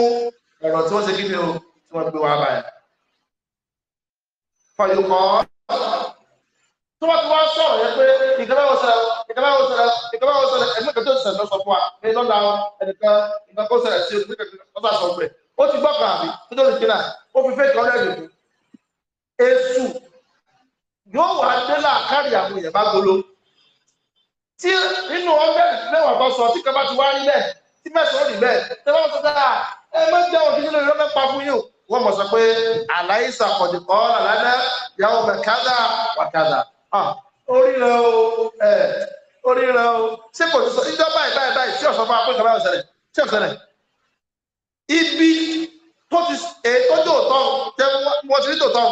ọ̀rọ̀ tí wọ́n ṣe kí ni o tí wọ́n gbé wá báyìí. fàyọkọ́ tó bá ti wá sọ̀rọ̀ yẹn pé ìkẹ́bá wọ sẹ̀rẹ̀ ìkẹ́bá wọ sẹ̀rẹ̀ ìkẹ́bá wọ sẹ̀rẹ̀ ẹ̀mí kẹ́tọ́ sẹ̀rẹ̀ lọ́sọ̀ fún wa ní lọ́la ẹnìkan nǹkan kó sẹ̀rẹ̀ sí ìpínlẹ̀ ọ̀sà sọ pé ó ti gbọ́ kan àbí tó lè kíná ó fi fẹ́ẹ̀kì ọ̀rẹ́ ìdìbò èṣù yóò wá dé láàkárí àwọn èèyàn bá gbolo tí nínú ọgbẹ́ mẹ́wàá bá sọ tí kẹfà ti wá rí bẹ́ẹ̀ tí mẹ́sàn-án rí bẹ́ẹ̀ tẹ́lá sọ dáa ẹ má jẹ́ òkè nínú ìrọ́pẹ́ pa fún yìí wọ́n mọ̀ sọ pé àlàyé ìsàkọ̀dìkọ́ àlàdá yàwó mẹ́kádà wàkádà oríran o oríran o ṣé kò sọ ìjọ báyìí báyìí báyìí tí ọ̀sán fún apẹ́kọ̀ọ́ báyìí ṣẹlẹ̀ tí ọ̀sán rẹ̀ ibi tó ti ètò tòótọ́ jẹ́ wọ́n ti rí tòótọ́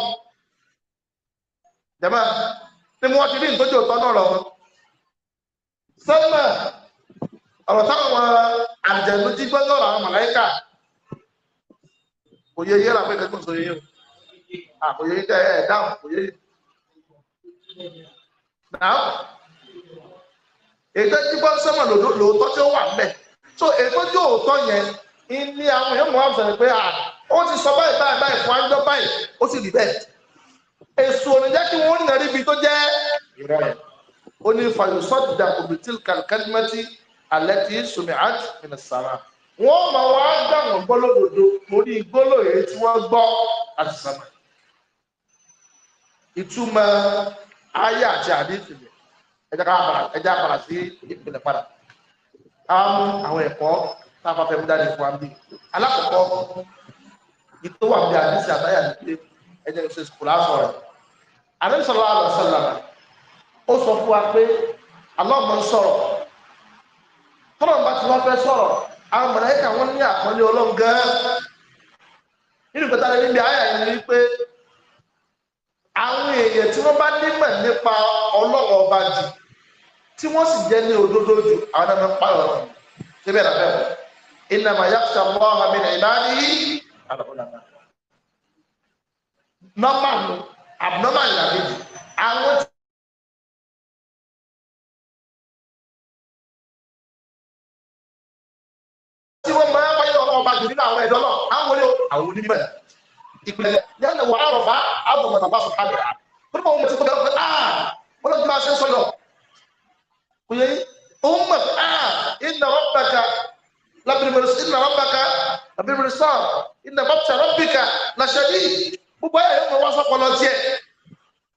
jẹ́mọ́ ni wọ́n ti rí ìtọ́jú òótọ́ náà lọ sẹ́mọ̀ ọ̀rọ̀ táwọn àjẹ̀lú jí gbọ́dọ̀ àwọn màláíkà kò yẹ yẹ́ra pé sọ yẹ́ yẹ́ náà ètò jíbọ́ sọ́mọ̀ lòótọ́ tí ó wà ń bẹ̀ so ètò tí òótọ́ yẹn ní àwọn èèyàn mọ̀ sọ̀rọ̀ pé ó ti sọ báyìí báyìí báyìí fún àjọ báyìí ó sì rí bẹ́ẹ̀ èso ò ní jẹ́ kí wọ́n nà ríbi tó jẹ́ ó ní fàyọ̀sọ́dà òbítìl kàlkàlmẹ́tì alẹ́ tí sùnmí àti ìnìsàrà wọ́n máa wá dà wọ́n gbọ́ lódodo lórí gbólóyè tí wọ́n gbọ́ àti sàmà ìtumọ̀ ayé àti àdìsí rẹ̀ ẹjá káàbàrà ẹjá àbàrà sí ìpìlẹ̀ padà a mú àwọn ẹ̀kọ́ tá a bá fẹ́ mú dáadé fún wa bí alákọ̀ọ́kọ́ ìtò wà bí àdìsí àtàyà ní pé ẹjẹ́ ìṣe sùkúlù aṣọ rẹ̀ àdìsí sọ̀rọ̀ àlọ́sọ̀lá ó sọ fún wa pé alọ́ọ̀mọ ń sọ̀rọ̀ tọ́lọ̀ bá ti wọ́n fẹ́ sọ̀rọ̀ àwọn mọ̀lẹ́kà wọn ní àkọ́lé ọlọ́run nínú ìgbẹ́ta lẹ́yìn bí yìí ni pé àwọn èèyàn tí wọ́n bá nímọ̀ nípa ọlọ́wọ́ ọba jù tí wọ́n sì jẹ́ ní òdodo jù àwọn náà máa ń pààrọ̀ wọn síbẹ̀ làbẹ́ wọn iná máa yàtọ̀ mọ́ àmì ìbáni àlọ́kọ̀ọ́lá nọ́mbà nù abnormal ìlàbẹ̀jì àwọn tí. tí wọ́n máa ń pààrọ̀ ọba jù nínú àwọn ẹ̀dọ́ náà àwọn onímọ̀ ìpìlẹ̀ yálẹ̀ wà àrọ̀fà àbùmọ̀tà bá sùn hàbẹ̀rà pẹ̀lú àwọn ọmọdé tó bẹ̀rẹ̀ pẹ̀lú àà wọ́n lọ́dún máa ṣe sọ́yọ̀ kò yẹ òun mọ̀ àà ìnà rọ́bàkà lábìrìmọ̀rìsọ́ ìnà rọ́bàkà lábìrìmọ̀rìsọ́ ìnà bàtà rọ́bìkà làṣẹ́bí gbogbo ẹ̀ yóò wá sọ́pọlọ tiẹ̀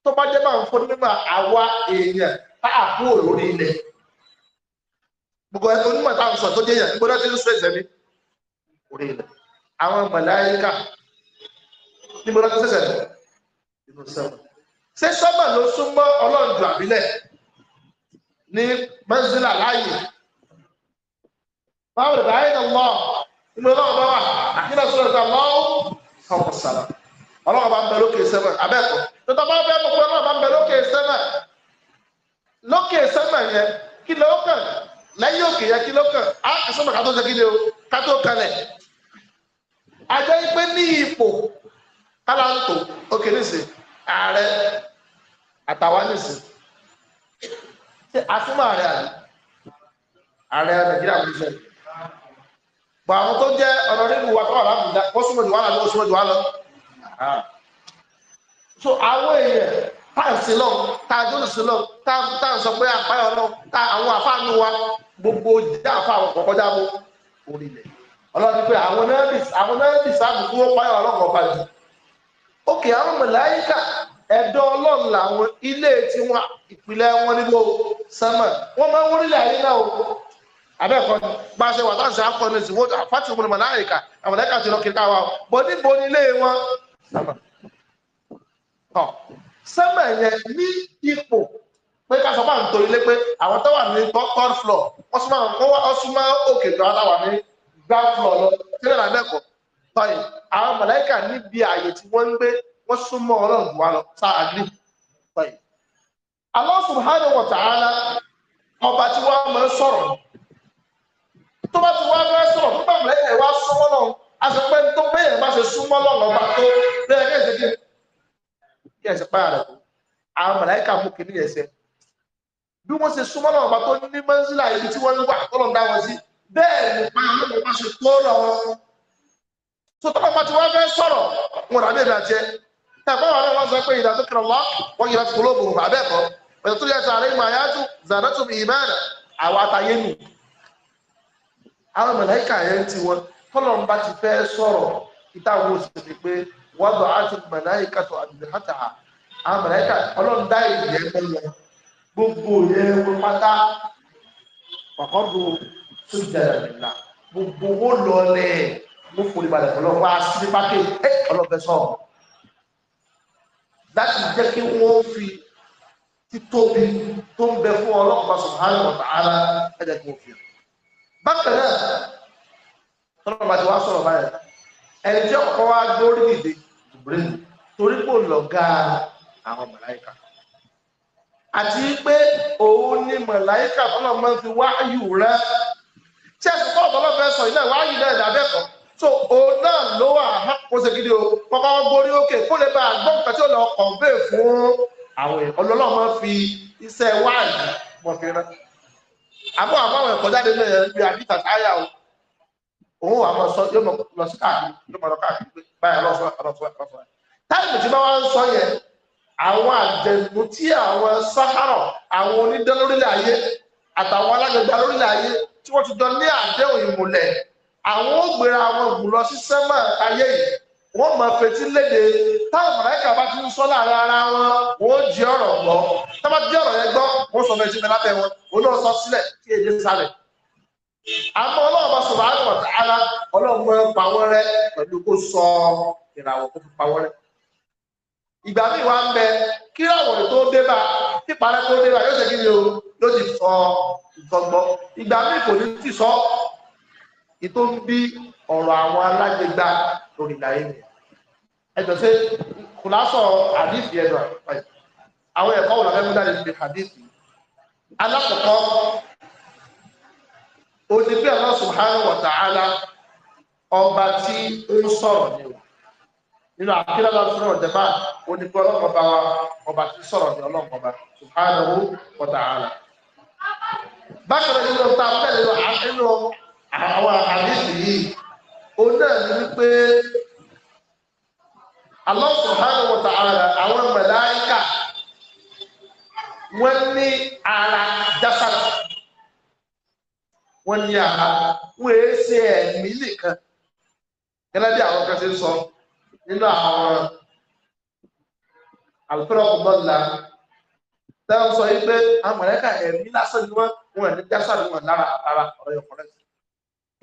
tó bá jẹ́ máa ń fún nígbà àwa èèyàn tá à kú lórí ilẹ̀ gbogbo ẹ̀ onímọ̀ táwọn sọ tó jẹ́ yẹn gbogbo ẹ̀ tó ń sọ ìsẹ̀mí orí ilẹ̀ àwọn màláíkà níbo lọ́jọ́ sẹ̀sẹ̀ lọ inú sẹ́wọ̀n ṣé sọ́mà ló súnmọ́ ọlọ́run ju àbílẹ̀ ní mẹ́sílà láàyè báwo lè báyìí náà lọ inú ọlọ́run bá wà àkínà sọ̀rọ̀ ìta lọ́wọ́ kọ́kọ́ sára ọlọ́run bá ń bẹ lókè sẹ́mẹ̀ abẹ́ẹ̀kọ́ tuntun bá fẹ́ mú pé ọlọ́run bá ń bẹ lókè sẹ́mẹ̀ lókè sẹ́mẹ̀ yẹn kí ló kàn lẹ́yìn òkè yẹn kí ló kàn á sọ́mà kátó ṣe kí ni o kátó kalẹ̀ àjẹ́ pé ní ipò kálàntò òkè nísìn ààrẹ àtàwà nísìn ṣe àtúmọ̀ ààrẹ àrí ààrẹ nàìjíríà ló fẹ́ bọ̀ àwọn tó jẹ́ ọ̀nà nínú wa tó wà lábùdá ó súnmọ́ jù wá lọ ó súnmọ́ jù wá lọ ah. so àwọn èèyàn táǹsì lọ táàjọ́sì lọ táǹsọ pé àpáyọ̀ lọ àwọn àfáànù wa gbogbo jẹ́ àfáàwọ̀ kọ̀kọ́já mú orílẹ̀ ọlọ́run pé àwọn náà bì sáàbù fún ó páyọ̀ ọlọ́run ọba jù òkè àwọn màláíkà ẹ̀dọ́ ọlọ́run làwọn ilé tiwọn ìpìlẹ̀ wọn níbo sẹ́mọ̀ wọ́n máa ń wọ́n nílẹ̀ ayé náà o abẹ́ẹ̀kọ́ ni bá a ṣe wà láti akọ ní ìsìn wọ́n àpáti òun màláíkà àmàláíkà ti lọ kiri káwa o bọ́ níbo ni ilé wọn sẹ́mọ̀ sẹ́mọ̀ yẹn ní ipò pé ká sọ bá ń torí lé pé àwọn tó wà ní third floor wọ́n súnmọ́ òkè tó wà ní ground floor lọ sílẹ̀ làbẹ́ẹ̀kọ́ tọ́yìn àwọn mọ̀lẹ́kà níbi ààyè tí wọ́n ń gbé wọ́n súnmọ́ ọlọ́run wa lọ sáàgbé tọ́yìn Allah subhanahu wa ta'ala ọba tí wọ́n máa ń sọ̀rọ̀ tó bá ti wá bẹ́ẹ̀ sọ̀rọ̀ tó bá mọ̀lẹ́kà ìwà súnmọ́ lọ a sọ pé tó pé èèyàn bá ṣe súnmọ́ lọ́nà ọba tó bẹ́ẹ̀ kí ẹ̀sẹ̀ kí kí ẹ̀sẹ̀ páyà rẹ̀ kú àwọn mọ̀lẹ́kà mú kìíní ẹ̀sẹ̀ bí wọ́n tó tọ́lọ́ máa ti wá fẹ́ sọ̀rọ̀ wọn rà bẹ́ẹ̀ bàjẹ́ ẹ̀fọ́ wà náà wọ́n sọ pé ìdájọ́ kìrọ̀ lọ wọ́n yìí láti polówó bùrù bàbẹ́ kọ́ ọ̀yọ́ tó yẹ sọ àrẹ ìmọ̀ àyájú zanatu ìmọ̀nà àwọn àtàyé nù. àwọn mọ̀lẹ́kà yẹn ti wọn tọ́lọ́ bá ti fẹ́ sọ̀rọ̀ ìtàwọn oṣù ti pé wọ́n dọ̀ àti mọ̀lẹ́kà tó àdìhàtà mo forí balẹ̀ fún lọ́wọ́ wá sí pákẹ́ ẹ ọlọ́fẹ́ sọ láti jẹ́ kí wọ́n fi títóbi tó ń bẹ fún ọlọ́pàá subhanahu wa ta'ala ẹ̀dẹ̀ tó fi bákan náà tọ́lọ́ bá ti wá sọ̀rọ̀ báyìí ẹni tí ọkọ̀ wá lórí ìdè ìbúrẹ́ torí kò lọ́gá àwọn màláìka àti pé òun ni màláìka tọ́lọ́ máa ń fi wáyù rẹ tí ẹ̀sìn kọ́ ọ̀tọ́lọ́fẹ́ sọ ilé wáyù náà dábẹ́kọ̀ọ́ so òun náà ló wà kó ṣe gidi o kọ́kọ́ gbórí òkè kó lè bá gbọ́ nǹkan tí ó lọ kọ̀ǹbé fún àwọn ọlọ́lọ́ máa fi iṣẹ́ wáàdì mọ̀ fi rán àbọ̀ àbáwọn ẹ̀kọ́ jáde náà bí àbí tàtáyà o òun wà máa sọ yóò lọ sí káàkiri yóò máa lọ káàkiri pé báyà lọ sọ àbọ̀ sọ àbọ̀ sọ táìmù tí bá wá ń sọ yẹn àwọn àjẹ̀mú tí àwọn sáhárọ̀ àwọn onídẹ́ lórílẹ̀ ayé àtàwọn alágbègbè lórílẹ̀ ayé tí wọ́n ti jọ ní àdéhùn ìmùlẹ̀ àwọn ó gbéra wọn gùn lọ sí sẹ́mà ayé yìí wọ́n mọ̀ fetí léde táwọn mọ̀lẹ́kà bá ti ń sọ láàrin ara wọn wọ́n jí ọ̀rọ̀ gbọ́ tá bá jí ọ̀rọ̀ yẹn gbọ́ wọ́n sọ fẹ́ jí mi lábẹ́ wọn olóò sọ sílẹ̀ kí èdè sálẹ̀. àmọ́ ọlọ́run bá sọ̀rọ̀ àánú ọ̀tá ara ọlọ́run mọ̀ pa wọ́n rẹ́ pẹ̀lú kó sọ ìràwọ̀ kó fi pa wọ́n rẹ́. ìgbà míì wá ń bẹ kí ìràwọ̀ tó dé bá píparẹ́ tó dé bá yóò o ló ti ìtò ń bí ọ̀rọ̀ àwọn alágbègbà lórí ìlà yìí ẹjọ́ sí kùlásọ̀ àdífì ẹ̀dọ̀ àwọn ẹ̀kọ́ wọn lọ́fẹ́ múdàdé ti àdífì alákọ̀ọ́kọ́ onígbé Allah subhanahu wa ta'ala ọba tí ó ń sọ̀rọ̀ ni o nínú àkílá lọ́sọ̀rọ̀ ọ̀dẹ̀bá onígbé ọlọ́kọ̀ọ́ba wa ọba tí sọ̀rọ̀ ni ọlọ́kọ̀ọ́ba subhanahu wa ta'ala bákan náà nínú ọ̀tá pẹ̀lú àwọn àdìsí yìí ó náà ní wípé Allah subhanahu wa ta'ala àwọn màláíkà wọ́n ní ara jásàrà wọ́n ní ara wọ́n èé ṣe ẹ̀mí nìkan gẹ́gẹ́ bí àwọn kan ṣe sọ nínú àwọn àlùfẹ́rẹ́ ọkùnrin ńlá tẹ́ ń sọ yí pé àwọn màláíkà ẹ̀mí lásán ni wọ́n wọ́n ní jásàrà wọn lára ara ọ̀rọ̀ ìkọ̀rẹ́sì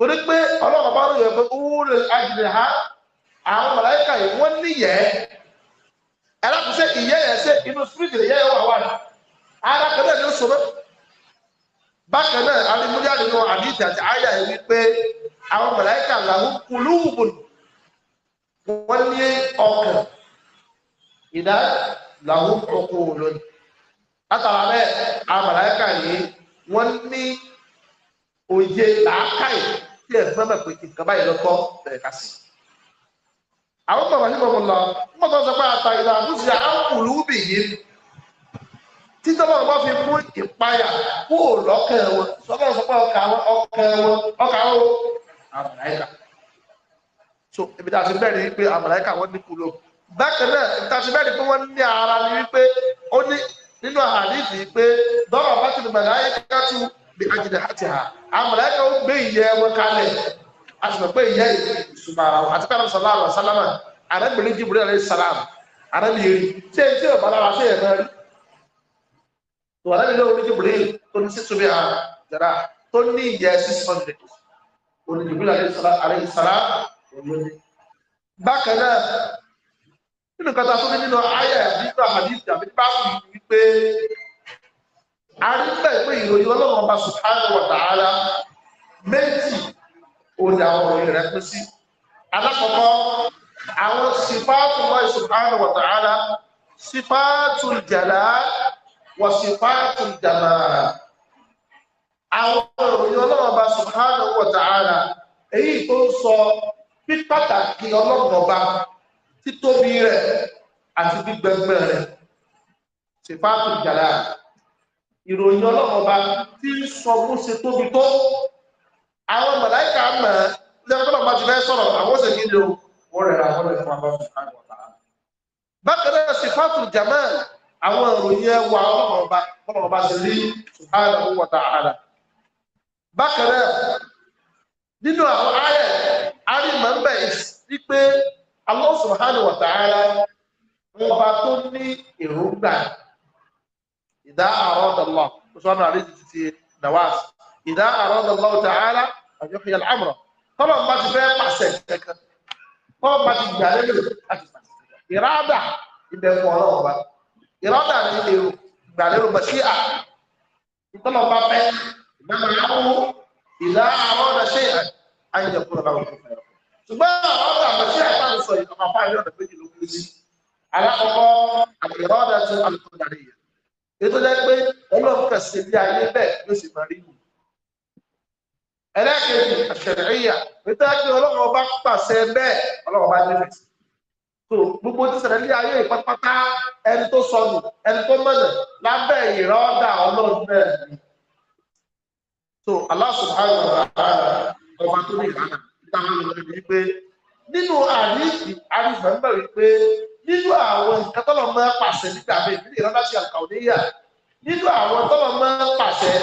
torí pé ọlọ́run bá ròyìn pé wúrò àjìnà ha àwọn màláìka yìí wọ́n níyẹ́ ẹlẹ́kùnṣe ìyẹ́ yẹn ṣe inú spirit ìyẹ́ yẹn wà wà ní ara kan náà ní ó sọ̀rọ̀ bákan náà alimúlíà nínú àdìsí àti àyà yìí wípé àwọn màláìka làwọn kùlùbùn wọ́n ní ọkàn ìdá làwọn ọkọ̀ lónìí látara bẹ́ẹ̀ àwọn màláìka yìí wọ́n ní òye làákàyè tí ẹ fẹ́ mọ̀ pé nǹkan báyìí lọ tọ́ bẹ̀rẹ̀ ká sí. àwọn bàbá ṣe bọ̀bọ̀ lọ wọ́n tó sọ pé ata ìlà àbúṣe àkùlù bì yìí títọ́ bọ̀ bá fi mú ìpayà kó o lọ́kẹ́ wọn sọ́kẹ́ sọ ọkà wọn ọkẹ́ wọn ọkà wọn àmàlàíkà. so ibi tá a ti bẹ́ẹ̀ ni pé àmàlàíkà wọn ní kúlò bákan náà ibi tá a ti bẹ́ẹ̀ ni pé wọ́n ní ara ni wípé ó ní nínú bí ajídá àti ha àmàlẹ́kà ó gbé ìyẹ́ wọn kalẹ̀ a sì mọ̀ pé ìyẹ́ ìsùnmọ̀ra wọn àti pẹ́rẹ́ sọ̀lá àwọn sálámà arábìnrin jìbìrì àlẹ́ sàlám arábìnrin tí èyí tí ò bá lára sí ẹ̀mẹ́ rí tó arábìnrin ló ní jìbìrì tó ní sí tóbi àjàrà tó ní ìyẹ́ six hundred òní jìbìrì àlẹ́ sàlám òní bákan náà nínú kata tó ní nínú ayé àbí àrígbẹ̀ pé ìròyìn ọlọ́run ọba subhanahu wa ta'ala méjì òdà ọ̀rọ̀ rẹ̀ pín sí alákọ̀ọ́kọ́ àwọn sífáàtù lọ́ì subhanahu wa ta'ala sífáàtù jàlá wà sífáàtù jàmáà àwọn ìròyìn ọlọ́run ọba subhanahu wa ta'ala èyí tó ń sọ pípàtàkì ọlọ́run ọba títóbi rẹ̀ ìròyìn ọlọ́run ọba tí ń sọ bó ṣe tóbi tó àwọn mọ̀láìkà mọ̀ lẹ́kọ́nà bá ti fẹ́ sọ̀rọ̀ àwọn òṣè kí ni o wọ́n rẹ̀ àwọn rẹ̀ fún abáfẹ́ bákan náà sifatu jamaa àwọn ìròyìn ẹwà ọlọ́run ọba ọlọ́run ọba Allah subhanahu wa ta'ala ọba tó إذا أراد الله وسؤالنا عليه تتي نواس إذا أراد الله تعالى أن يحيي العمر طبعا ما تفهم محسن طبعا ما تجعله إرادة إذا الله إرادة إذا يجعله مسيئة طبعا ما فهم إنما أمره إذا أراد شيئا أن يكون له كفاية ثم أراد مسيئة أن يصير أما فعل يوم الفجر الأولي على أقوى الإرادة القدرية ètò jẹ́ pé ọlọ́run kàn sí bí ayé bẹ́ẹ̀ yóò sì máa rí wù. ẹlẹ́kẹ̀ẹ́jì àṣẹ̀ríyà ètò jẹ́ pé ọlọ́run ọba pàṣẹ bẹ́ẹ̀ ọlọ́run ọba ní fèsì. tó gbogbo ti ṣẹlẹ̀ ní ayé ìpátápátá ẹni tó sọnù ẹni tó mọ̀nà lábẹ́ ìrọ́dà ọlọ́run bẹ́ẹ̀ ni. tó Allah subhanahu wa ta'ala ọba tó ní ìlànà ìtàn àwọn ọmọ nínú àwọn nǹkan tọ́lọ̀ máa pàṣẹ nígbà míì nínú ìrọ́láṣí àkàwéyà nínú àwọn tọ́lọ̀ máa pàṣẹ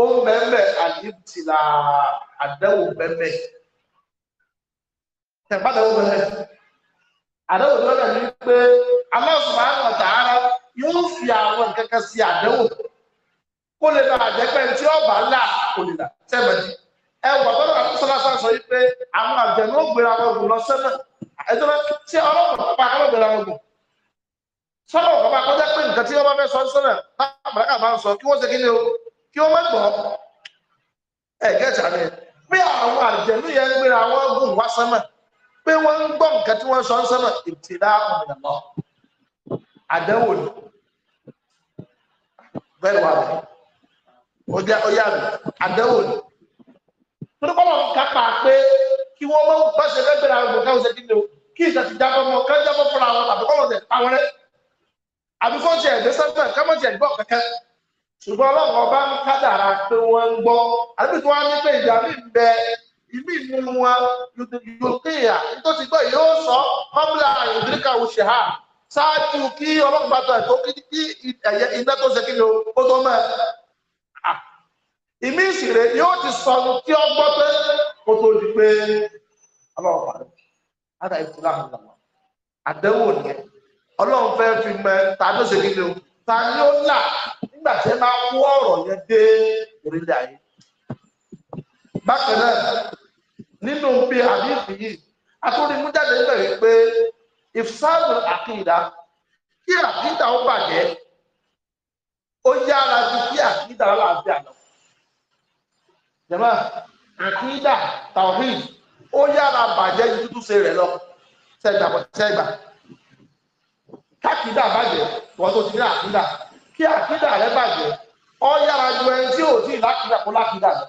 ohun mẹ́mẹ́ àdìbùtìlà àdẹ́wò mẹ́mẹ́ tẹ̀gbádẹ́wò mẹ́mẹ́ àdẹ́wò mẹ́mẹ́ ni pé Allah subhanahu wa ta'ala yóò fi àwọn nǹkan kan sí àdẹ́wò kó lè bá àjẹpẹ́ tí ọba ńlá kò lè là sẹ́mẹ̀dì ẹwà tọ́lọ̀ àtúnṣe lásán sọ yìí pé àwọn àjẹ̀nú ògbéra wọn lọ sẹ́mẹ̀dì ẹjọ́ tí ọlọ́pàá bá kọ́ bẹ̀rẹ̀ ọgbọ̀n sọ́nà ọ̀pá bá kọjá pé nǹkan tí wọ́n bá fẹ́ sọ sọ́nà àbúrákà bá ń sọ kí wọ́n ṣe kí ni o kí wọ́n má gbọ́ ẹ̀ gẹ́ta ni bí àwọn àjẹ̀lú yẹn ń gbéra wọn gùn wá sánmà pé wọ́n ń gbọ́ nǹkan tí wọ́n sọ ń sánmà ìtìlá ọ̀nà lọ àdánwò ni bẹ́ẹ̀ wà lọ ó yà mí àdánwò ni tó dúpọ́ mọ̀ ń kápá pé kí wọ́n mọ́ báṣẹ lẹ́gbẹ̀rẹ̀ àwọn ọ̀gá ọ̀sẹ̀ kí ni o kí ìṣẹ̀ ti jábọ́ mọ́ ká jábọ́ fúnra wọn tàbí kọ́ lọ́sẹ̀ pa wọn rẹ́ àbí kọ́ ṣe ẹ̀dẹ́ sẹ́fẹ̀ ká mọ̀ ṣe ẹ̀gbọ́ kẹ́kẹ́ ṣùgbọ́n ọlọ́run ọba ń kádàrà pé wọ́n ń gbọ́ àbí tí wọ́n á ní pé ìjà mi ń bẹ ìmí ìlú wọn yòókèyà tó ti gbọ́ yóò sọ kọ́mílà ìdíríkà oṣù ha ṣáájú kí ọlọ́run bá tọ́ ẹ̀tọ́ kí ẹ̀yẹ iná tó ṣe kí ni ó tó mọ́ ẹ̀ ìmí ìṣìrè yóò ti sọnù kí ọgbọ́n pé kó tó di pé ọlọ́run pàdé ara ìfúra àwọn ọmọ àdẹ́wò nìyẹn ọlọ́run fẹ́ fi mọ ta ló ṣe kí ni o ta ni ó là nígbà tí ẹ máa kó ọ̀rọ̀ yẹn dé orílẹ̀ ayé bákan náà nínú bí àbífi yìí atúndínmújáde ń bẹ̀rẹ̀ pé ìfúsáàbù àkìdá kí àkìdá ó bàjẹ́ ó yára ju kí àkìdá ó láàbí àná àkídà tawhid ó yára bàjẹ́ ju tútù ṣe rẹ̀ lọ sẹ́gbà sẹ́gbà kákìdà bàjẹ́ wọ́n tó ti ní àkídà kí àkídà rẹ bàjẹ́ ó yára ju ẹni tí ò tí lákìdà kó lákìdà lọ.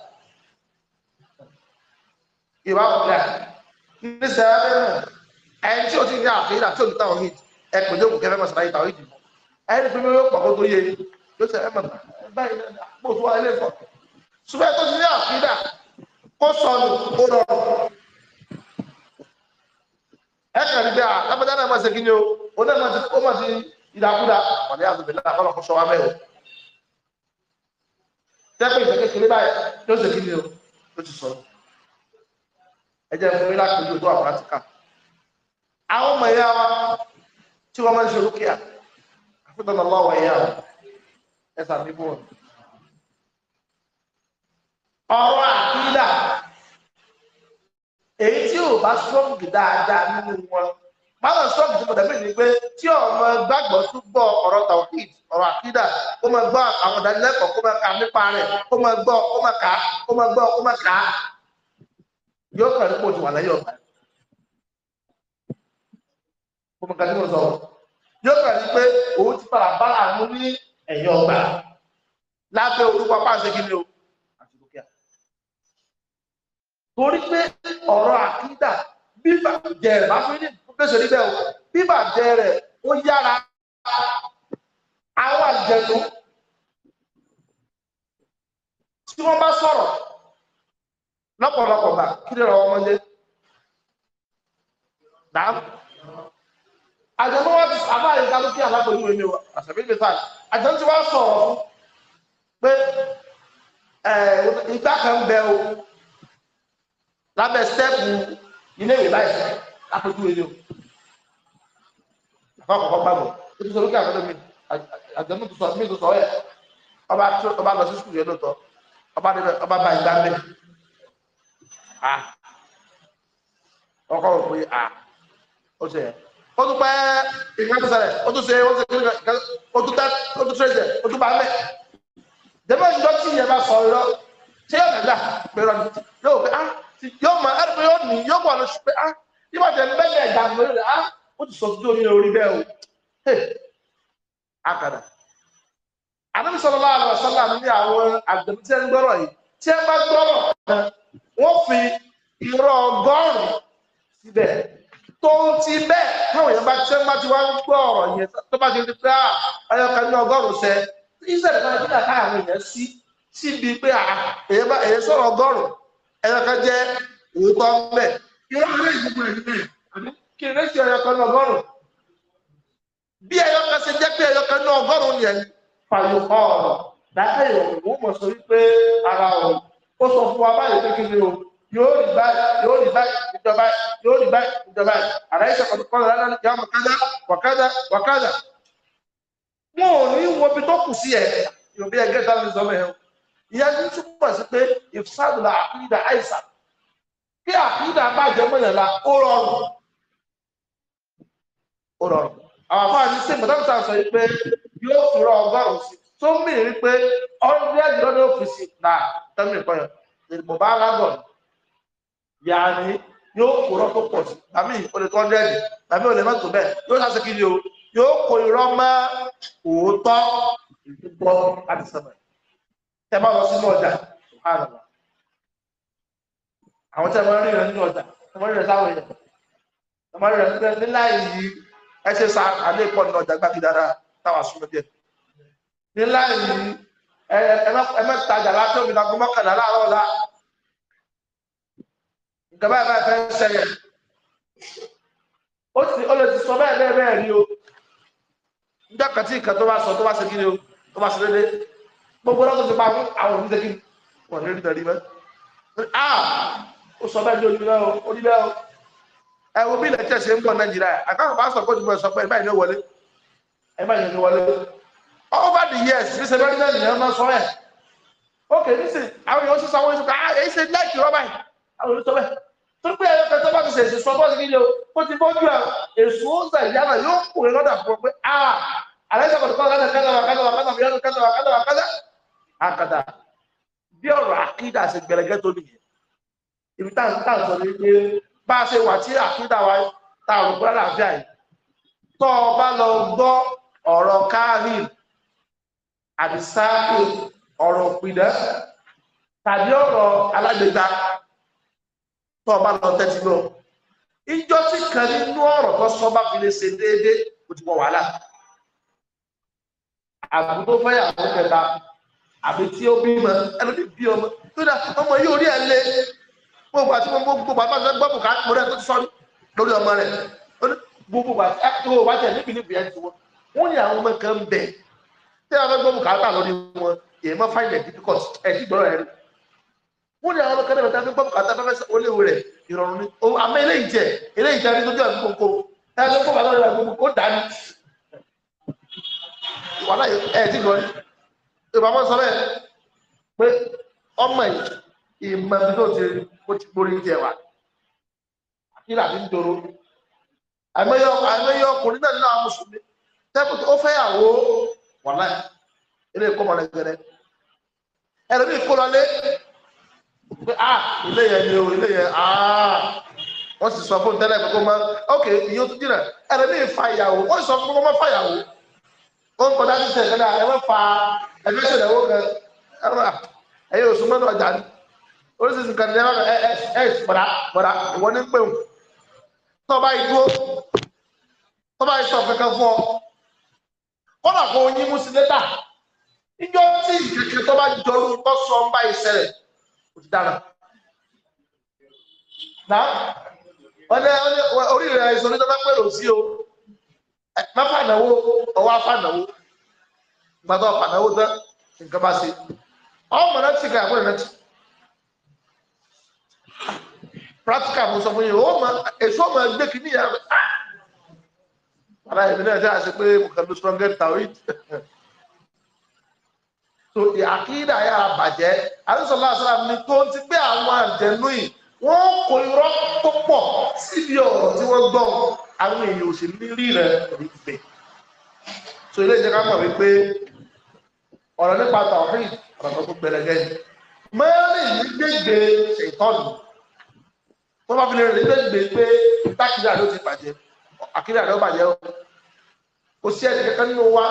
ìwà ọ̀gá ní sẹ́yìn ẹni tí ò tí ní àkídà tí ò ní tawhid ẹ pè ní òkùnkẹ́ fẹ́mọ̀ sàlàyé tawhid mọ́ ẹni tó ní pọ̀ kó tó yé yóò sẹ́ ẹ mọ̀ báyìí bó tó kó sọnù ó rọrùn ẹ kàn rí bí a lápẹjá náà máa ṣe kí ni o ó náà máa ti ó máa ti ìdàkúdà ọ̀dẹ́ àtúbẹ̀ náà kọ́ lọ́kọ́ sọ wa mẹ́wọ̀ tẹ́pẹ́ ìfẹ́ báyìí ló ṣe kí ni o ló ti sọnù ẹ jẹ́ fún mi láti ojú tó wà pàtàkà àwọn ọmọ ìyá wa tí wọ́n máa ń ṣe rúkìá àfihàn lọ́wọ́ ìyá wa ẹ sàmì fún ọ̀rọ̀ àkídà èyí tí ò bá sọ́ọ̀gì dáadáa nínú wọn máa sọ́ọ̀gì tí mo dàbí ni pé tí ọmọ gbàgbọ́ tún gbọ́ ọ̀rọ̀ tawhid ọ̀rọ̀ àkídà ó máa gbọ́ àwọn ìdánilẹ́kọ̀ọ́ kó máa kà nípa rẹ̀ ó máa gbọ́ ó máa kà ó máa gbọ́ ó máa kà yóò kàn ní kóòtù wà lẹ́yìn ọ̀gbà ó máa kà ní kóòtù ọ̀gbà yóò kàn ní pé òun ti fara bá àánú ní ẹ̀yìn ọ̀gbà lábẹ́ orúkọ torí pé ọ̀rọ̀ àkídà bíbà jẹ rẹ̀ bá fún ní pèsè níbẹ̀ o bíbà jẹ rẹ̀ ó yára àwọn àjẹnu tí wọ́n bá sọ̀rọ̀ lọ́pọ̀lọpọ̀ gbà kí lè rọ ọmọdé dáa àjẹnu wọn ti àbá àyíká ló kí alábòjú rẹ ní o àṣàbí mi àjẹnu tí wọ́n sọ̀rọ̀ fún pé ìgbà kan bẹ o lábẹ́ stẹ́ẹ̀pù ilé ìwé báyìí lápẹjú ilé o àfa kọ̀kọ́ gbàgbọ́ ó ti sọ lókè àgbẹ̀dọ̀ mi àgbẹ̀mí tó sọ mí tó sọ ẹ̀ ọba tó ọba lọ sí sùkúl yẹn lóòótọ́ ọba níbẹ̀ ọba bá ìgbà mẹ́ à ọkọ̀ òpè à ó ṣe yẹn ó tún pẹ́ ìgbà tó ṣẹlẹ̀ ó tún ṣe ó ṣe kíkà ó tún tẹ́ ó tún tẹ́sẹ̀ ó tún bá mẹ́ dẹ́gbẹ́ ìjọ tí ìyẹn bá sọ ọ lọ ṣé yóò dàgbà pé rọ ah yóò máa ẹ̀rọ yóò ní yóò wà lóṣù pé ah yóò máa tẹ̀ bẹ́ẹ̀ ẹ̀dá mi lórí ah o ti sọ sí orí orí bẹ́ẹ̀ o àkàdà ànábì sallallahu alaihi wasallam ní àwọn àgbẹ̀bí tí ẹ ń gbọ́rọ̀ yìí tí ẹ bá gbọ́rọ̀ kan wọ́n fi irọ́ ọgọ́rùn-ún síbẹ̀ tó ń ti bẹ́ẹ̀ táwọn èèyàn bá tẹ́ bá ti wá ń gbọ́ ọ̀rọ̀ yẹn tó bá ti di pé ayọ̀kan ah, ní ọgọ́rùn-ún sẹ́ kan ní àtàwọn èèyàn sí síbi pé ah, èèyàn sọ̀rọ̀ ọgọ́rùn-ún ẹyọkan jẹ́ òótọ́ bẹ̀ kí ó rẹ̀ ìgbìmọ̀ ẹ̀yìn bẹ̀ kí n rẹ́sì ẹyọkan ní ọgọ́rùn bí ẹyọkan ṣe jẹ́ pé ẹyọkan ní ọgọ́rùn yẹn fàyò ọ̀rọ̀ dákẹ́yọ̀ wọ́n mọ̀ sọ wípé ara ọ̀ ó sọ fún wa báyìí pé kí ni o yóò rí báyìí yóò rí báyìí ìjọba yóò rí báyìí ìjọba àdáyíṣẹ́ kọ̀dùkọ́lù lánàá yà mọ̀ kádà wàkádà wàkádà wọn ò ní wo ibi tó kù sí ẹ̀ yóò bí ẹgbẹ́ sáré sọmọ ẹ̀ o ìyẹn ní túbọ̀ sí pé ìfisàdùlà àkúídà àìsà kí àkúídà bàjẹ́ mọ́yànlá ó rọrùn ó rọrùn àwọn afọ àti sí mọ̀tàbí sàn sọ pé yóò fi rọ ọgọ́rùn-ún sí tó ń mìíràn pé ọ̀rẹ́dì lọ́dọ̀ òfìsì náà tẹ́lẹ̀ nǹkan yẹn ìbò bá alágọ̀ yàní yóò kó rọ tó pọ̀ sí àmì olè tó ọ̀rẹ́dì àmì olè mọ́tò bẹ́ẹ̀ yóò sá ni o yóò kó irọ́ mọ́ òótọ́ ìdúgbò láti sẹ́mẹ̀ tẹ bá lọ sínú ọjà subhanallah àwọn tẹ máa ń rìnrìn nínú ọjà tẹ máa ń rìnrìn sáwọn èèyàn tẹ máa ń rìnrìn níláì yìí ẹ ṣe sa àlẹ pọ nínú ọjà gbági dára táwọn àṣùnà díẹ̀ níláì yìí ẹ má tajà láti omi náà gbọmọkànlá láàárọ̀ ọ̀la nǹkan báyìí ó sì ó lè ti sọ bẹ́ẹ̀ bẹ́ẹ̀ rí o nígbà kan tí ìkan tó bá sọ tó bá ṣe kí o tó bá ṣe gbogbo lọ́sọ̀ ti pa fún àwọn òní tẹ́kí wọn ní orí tẹ̀lé mẹ́. a ó sọ bẹ́ẹ̀ ní ojú náà ó ní bẹ́ẹ̀ o ẹ wo bí ilẹ̀ tẹ̀ ṣe ń bọ̀ nàìjíríà àkàkọ̀ bá sọ pé ìgbìmọ̀ sọ pé ìbáyìí ní wọlé ìbáyìí ní wọlé over the years ní sẹ́dọ̀ ní nàìjíríà máa sọ ẹ̀ ok nísìn àwọn èèyàn sísan wọn sọkà èyí ṣe láìkì rọ́bà yìí àwọn olùsọ bẹ́ẹ̀ tó pé ẹ̀rọ kẹtọ́ bá ti ṣèṣì sọ bọ́ọ̀sì kíni akada bí ọ̀rọ̀ akídà ṣe gbẹlẹgẹ tó nìyẹn ibi táwọn táwọn sọ ní pé bá a ṣe wà tí akídà wa ta àrùn kúrẹ́ làáfíà yìí tọ́ ọ bá lọ gbọ́ ọ̀rọ̀ káàrin àti sáàkì ọ̀rọ̀ òpìdẹ́ tàbí ọ̀rọ̀ alágbègbà tọ́ ọ bá lọ tẹ́tí lọ ìjọ tí kan nínú ọ̀rọ̀ tó sọ bá fi lè ṣe déédéé kò ti wọ wàhálà àbúrò fẹ́yàwó kẹta àbí tí ó bímọ ẹlòmíì bí ọmọ tó dà ọmọ yìí orí ẹ lé gbogbo àti gbogbo bàbá àti gbogbo ká mo rẹ tó ti sọnù lórí ọmọ rẹ gbogbo bàbá tó o bá tẹ níbi níbi ẹ ti wọ wọn ní àwọn ọmọ kan bẹ tí a fẹ́ gbọ́ bùkátà lórí wọn èyí mọ find it difficult ẹ ti gbọrọ ẹ rí wọn ní àwọn ọmọ kan náà tí a fẹ́ gbọ́ bùkátà fẹ́ fẹ́ olé ẹ ti gbọ́ rí ìbámọ́ sọ bẹ́ẹ̀ pé ọmọ ìmọ̀ ibi tó ti kó ti borí ti ẹ̀wà kí làbí ń doro àìmọye ọkùnrin náà nínú àwọn mùsùlùmí tẹ́kù tó fẹ́ yàwó wọ̀n náà ilé ìkó mọ̀lẹ́ gẹ́rẹ́ ẹlòmíì kó lọlé pé a ah, ilé yẹn ni o ilé yẹn a ah. wọ́n sì sọ fún tẹ́lẹ̀ pé kó máa ok ìyóò tó jìnnà ẹlòmíì fa ìyàwó wọ́n sì sọ fún kó máa fa ìyàwó ó ń kọjá títẹ̀ kan náà ẹwọ́ fa ẹgbẹ́ ṣẹlẹ̀ owó kan ẹwọ́ ẹyẹ oṣù mọ́tò ọjà ni oríṣiríṣi kan ní ẹ ẹ ẹ bọ̀dá bọ̀dá ìwọ ní pé òun tọ́ba ìdúró tọ́ba ìsọ̀ kankan fún ọ kọ́nà kó yín mú sí lẹ́tà níjọ́ tí kẹ̀kẹ́ tọ́ba jọrú tó sọ ń bá ìṣẹ̀lẹ̀ kò ti dára náà wọ́n ní orí rẹ̀ ìsọ̀rí má fànàwó ọwọ́ afànàwó gbàdọ̀ fànàwó dán nǹkan bá ṣe ọmọ mọ̀ náà ti ga àgbọ̀n náà ti practical mo sọ fún yìí ọmọ èso ọmọ ẹgbẹ́ kìíní yà rẹ̀ ara ẹ̀mí náà ṣe àṣẹ pé mo kàn ló strong get tawhid so àkídà yàrá bàjẹ́ àdúsọ̀lá àṣàlá mi tó ń ti pé àwọn àjẹnú yìí wọ́n kò irọ́ tó pọ̀ síbi ọ̀rọ̀ tí wọ́n gbọ́ àwọn èèyàn ò sì ní rí rẹ̀ rí bẹ̀ so ilé ìjẹ́ ká mọ̀ wípé ọ̀rọ̀ nípa tàwọn ọ̀rọ̀ tó gbẹ̀rẹ̀gẹ̀ mẹ́rin ní gbègbè ṣètọ́nù tó bá fi lè rí gbègbè pé tákìlá ló ti bàjẹ́ àkìlá ló bàjẹ́ o kò sí ẹni kankan nínú wa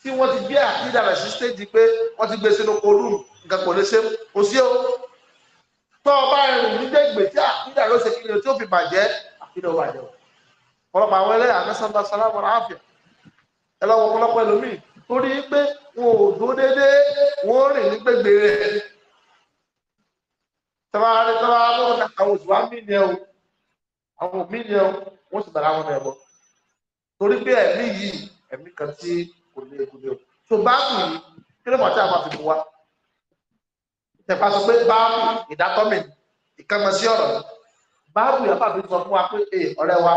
tí wọ́n ti gbé àkìlá rẹ̀ sí stéèjì pé wọ́n ti gbé sínú kolúùn nǹkan kò lè ṣe kò sí o tó o bá rìn ní gbègbè tí àkìlá ló ṣe kí ọ̀pọ̀lọpọ̀ àwọn ẹlẹ́yà mẹ́sàn-án sálámù àáfíà ẹlọ́wọ́ ọ̀pọ̀lọpọ̀ ẹlòmíì torí pé wọn ò dúró déédéé wọn ò rìn ní gbègbè rẹ̀ tọ́ba tọ́ba lọ́wọ́ àwọn òṣùwà mí ni ẹ o àwọn mí ni ẹ o wọ́n sì bàrà wọn náà bọ̀ torí pé ẹ̀mí yìí ẹ̀mí kan tí kò ní egun ní o tó báàbù yìí kí ló mọ̀ tí a máa fi bu wa tẹ̀pá sọ pé báàbù ìdátọ́mì ìkànnì sí ọ̀rọ̀ yìí báàbù yàtọ̀ àti sọ fún wa pé ẹ ọ̀rẹ́ wa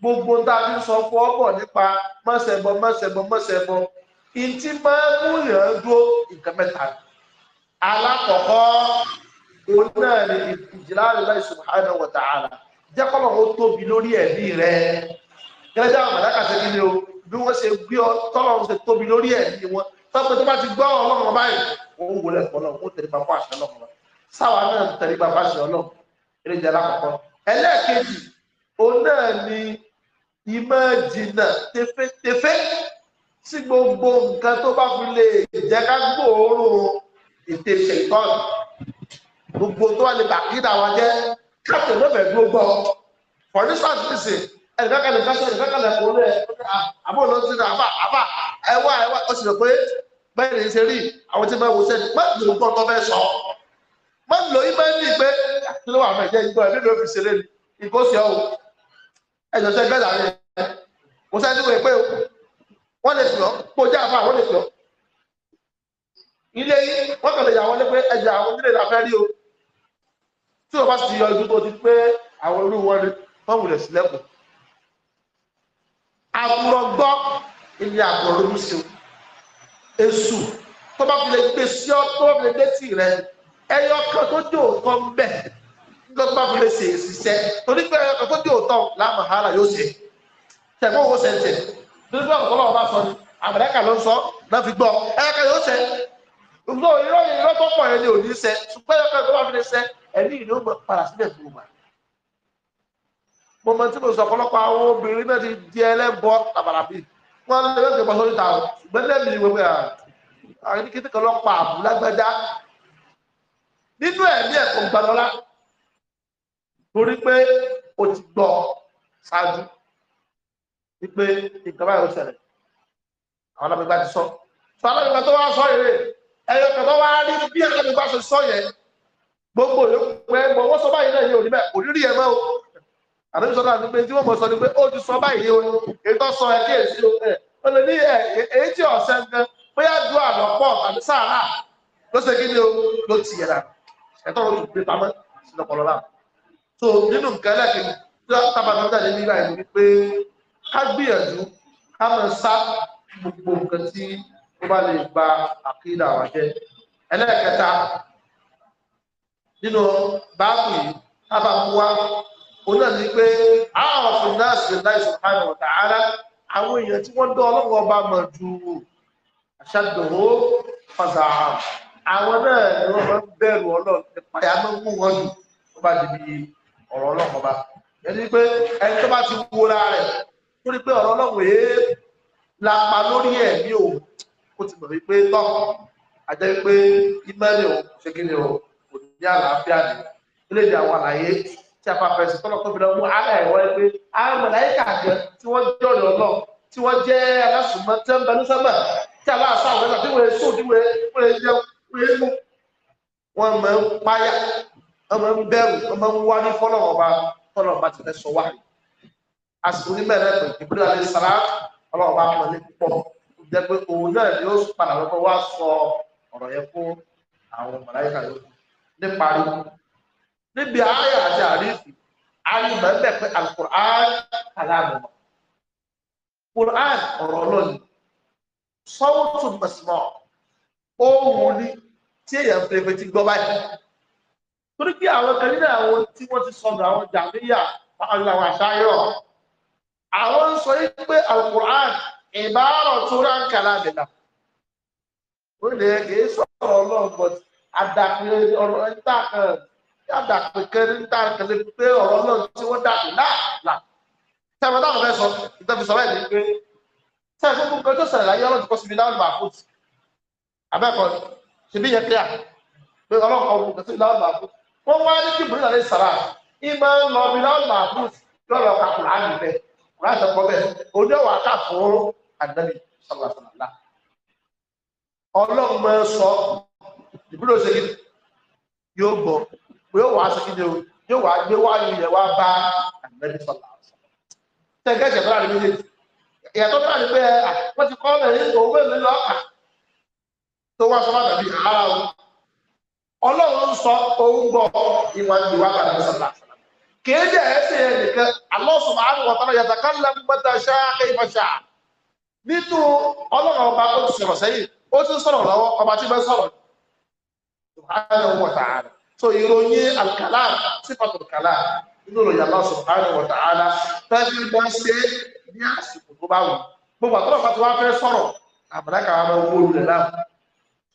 gbogbo tá a fi sọ fún ọ̀pọ̀ nípa mọ́sẹ̀bọ mọ́sẹ̀bọ mọ́sẹ̀bọ ìtì máa ń mú yàn dúró nǹkan mẹ́ta alákọ̀ọ́kọ́ òun náà ni ìjìlá Allah subhanahu wa ta'ala jẹ́ kọ́ lọ́wọ́ tóbi lórí ẹ̀mí rẹ̀ gẹ́gẹ́ àwọn màdákà ṣe kí ni o bí wọ́n ṣe gbé ọ tọ́lọ́ ṣe tóbi lórí ẹ̀mí wọn tọ́pẹ́ tó bá ti gbọ́ ọlọ́run báyìí òun wò lẹ́kọ̀ọ́ náà òun tẹ̀lé bàbá àṣẹ ọlọ́run sáwa náà tẹ̀lé bàbá àṣẹ ọlọ́run eré jẹ́ alákọ̀ọ́kọ́ ẹlẹ́ẹ̀kejì òun náà ni ìmọ̀ jìnnà tẹfẹ́tẹfẹ́ sí gbogbo nǹkan tó bá fi lè jẹ́ ká gbòòrùn ètè ṣètọ́nù gbogbo tó wà lè bà kí dà wá jẹ́ káàpì lọ́bẹ̀ ló gbọ́ for instance nìsín ẹnìkankanlẹ̀ kásán ẹnìkankanlẹ̀ kò lẹ̀ ah, àbọ̀ ló ti rà àbà àbà ẹwà ẹwà ó sì rò pé bẹ́ẹ̀ ni ṣe rí àwọn tí wọ́n wò sẹ́ni pẹ́ẹ́lú gbọ́ tó fẹ́ sọ má lò í má ní pé kí ló wà mẹ́ jẹ́ ìgbọ́ ẹ̀mí ló fi ṣeré ni ìkóṣe ọ̀ ẹ̀jọ̀ sẹ́ bẹ́ẹ̀ láàrin ẹ̀ kò sẹ́ni tó wẹ̀ pé wọ́n lè sùn ọ́ kó jẹ́ àfa àwọn lè sùn ọ́ ilé yìí wọ́n kàn lè yà wọ́n lé pé ẹ̀jẹ̀ àwọn onílé la fẹ́ rí o tí o bá sì yọ ibi tó ti pé àwọn irú wọn ni wọ́n wulẹ̀ sílẹ̀kùn àbúrò gbọ́ ilé àbúrò ló ń ṣe èṣù tó bá fi lè gbé sí ọ tó bá fi lè dé tì rẹ̀ ẹyọ kan tó dé òótọ́ ń bẹ̀ lọ́gbà fún lè ṣe ìṣiṣẹ́ torí pé ẹyọ kan tó dé òótọ́ láàmú hàrà yóò ṣe tẹ̀gbọ́n owó ṣẹ̀ǹtẹ̀ torí pé ọ̀pọ̀lọpọ̀ ọba sọ ni àmàlẹ́kà ló ń sọ náà fi gbọ́ ẹyọ kan yóò ṣe ìlú ìrọ̀ ìrọ̀ tó pọ̀ yẹn ni ò ní ṣe ṣùgbọ́n ẹyọ kan tó wà fi lè ṣe ẹ̀mí ìlú padà sílẹ̀ fún wa mo mọ tí mo sọ ọ̀pọ̀lọpọ̀ àwọn obìnrin náà ti di ẹlẹ́bọ tàbàràbí wọn lè lọ́ọ́ gbẹ̀gbọ́ sórí ta ṣùgbọ́n lẹ́mìí wẹ́wẹ́ à àríkítí kan lọ́ọ́ pa àbúlágbájá nínú ẹ̀mí ẹ̀kọ́ gbalọ́lá torí pé o ti gbọ́ ṣáájú wípé ìjọba yóò ṣẹlẹ̀ àwọn alábẹ́gbá ti sọ sọ alábẹ́gbá tó wá sọ èrè ẹ̀yọ kẹ̀kọ́ wá rí bí alábẹ́gbá ṣe sọ yẹn gbogbo ìpẹ́ mọ̀ wọ́n sọ báyìí náà yóò rí bẹ́ẹ̀ òrírí ẹ̀ mọ́ o àbẹ́bí sọ náà ni pé tí wọ́n mọ̀ sọ ni pé ó ti sọ báyìí o èyí tó sọ ẹ kí èsì o ẹ̀ ó lè ní èyí tí ọ̀sẹ̀ gan bóyá dùn àlọ́pọ̀ àti sáà náà ló ṣe kí ni o ló ti yẹ ẹ̀tọ́ orí ìgbé pamọ́ sínú ọpọlọlá so nínú nǹkan ẹlẹ́kìn tábàtà jáde ní ìgbà ìlú wípé ká gbìyànjú ká máa sá gbogbo nǹkan tí ó bá lè gba àkídà wa jẹ ẹlẹ́ẹ̀kẹta nínú báàkù yìí tábàmúwa òun náà ni pé àwọn fún náàsì láì subhanahu wa ta'ala àwọn èèyàn tí wọ́n dán ọlọ́run ọba mọ̀ ju àṣàdùnwó fàzàhàn àwọn náà ni wọ́n máa ń bẹ̀rù ọlọ́run nípa ìyá máa ń mú wọn jù tó bá di bí ọ̀rọ̀ ọlọ́run ọba ẹni pé ẹni tó bá ti wúra rẹ̀ tó rí pé ọ̀rọ̀ ọlọ́run èé lapa lórí ẹ̀mí òun ó ti mọ̀ wípé tọ́ àjẹ́ pé ìmẹ́lẹ̀ òun ṣe kí ni o kò ní àlàáfíà ni ilé ìdí àwọn àlàyé tí a fàfẹ́ sí tọ́lọ̀ tóbi lọ́wọ́ ara ẹ̀wọ́ ẹ pé àwọn màláíkà àjẹ́ pẹ́lú wọ́n máa ń páyà wọ́n máa ń bẹ̀rù wọ́n máa ń wá ní fọ́lọ́ọ̀ba fọ́lọ́ọ̀ba ti fẹ́ sọ wá àsìkò ní bẹ̀rẹ̀ pẹ̀lú ìbúdó àti sàrà ọlọ́ọ̀ba pọ̀ ní pọ̀ jẹ́ pé òun náà ni ó padà lọ́pọ̀ wá sọ ọ̀rọ̀ yẹn fún àwọn màláyíkà yòókù níparí níbi ààyè àti àrífì ààyè máa ń bẹ̀ pé alukur'an kàlámù kur'an tí èèyàn fèrèfè ti gbọ́ báyìí torí pé àwọn kan nínú àwọn tí wọ́n ti sọ̀rọ̀ àwọn jàmíyà àwọn àwọn àṣàyọ̀ àwọn ń sọ yìí pé alukur'an ìbáàrọ̀ tó rà ń kàlà àbẹ̀dà ó lè kìí sọ̀rọ̀ ọlọ́run àdàpẹ̀ ọ̀rọ̀ níta kan àdàpẹ̀ kẹrin níta kan lè pé ọ̀rọ̀ ọlọ́run tí wọ́n dàpẹ̀ láàlà tẹ̀wọ́n táwọn fẹ́ sọ ìtọ́fi sọ bẹ́ẹ̀ ni pé tẹ̀wọ́n gbogbo nǹkan tó ṣe bí yẹ kíá pé ọlọ́run ọ̀run kẹsí láàlá fún wọn wá ní kí bùrẹ́dà lè sàrà ìmọ̀ lọ́ọ̀bì láàlá fún lọ́ọ̀lọ́ ka kùránì bẹ́ẹ̀ kùránì tó kọ́ bẹ́ẹ̀ òde wà ká fún àdánì sàlàsàlà ọlọ́run máa sọ ìbúrò ṣe kí yóò gbọ́ yóò wá ṣe kí yóò wá gbé wáyé ilẹ̀ wá bá àdánì sàlàsàlà tẹ̀gẹ́ ìṣẹ̀fẹ́ àdánì méjèèjì ìyàtọ̀ fẹ́ àdánì tó wá sọ́wọ́ àdàbí ara o ọlọ́run ń sọ òun gbọ́ ìwà ìwà àdàbí sọ̀tà kéde ẹsẹ̀ yẹn nìkan Allah subhanahu wa ta'ala yatakallamu mata sha'a kayfa sha'a nínú ọlọ́run ọba ó ti sọ̀rọ̀ sẹ́yìn ó ti sọ̀rọ̀ lọ́wọ́ ọba tí bẹ́ẹ̀ sọ̀rọ̀ subhanahu wa ta'ala so ìròyìn alkalam sífàtò kalam nínú ìròyìn Allah subhanahu wa ta'ala tẹ́lifí wọ́n ṣe ní àsìkò tó bá wù gbogbo àtọ́lọ́pàá tí wọ́n fẹ́ sọ̀rọ̀ àbàdàkà àwọn ọmọ olùdẹ̀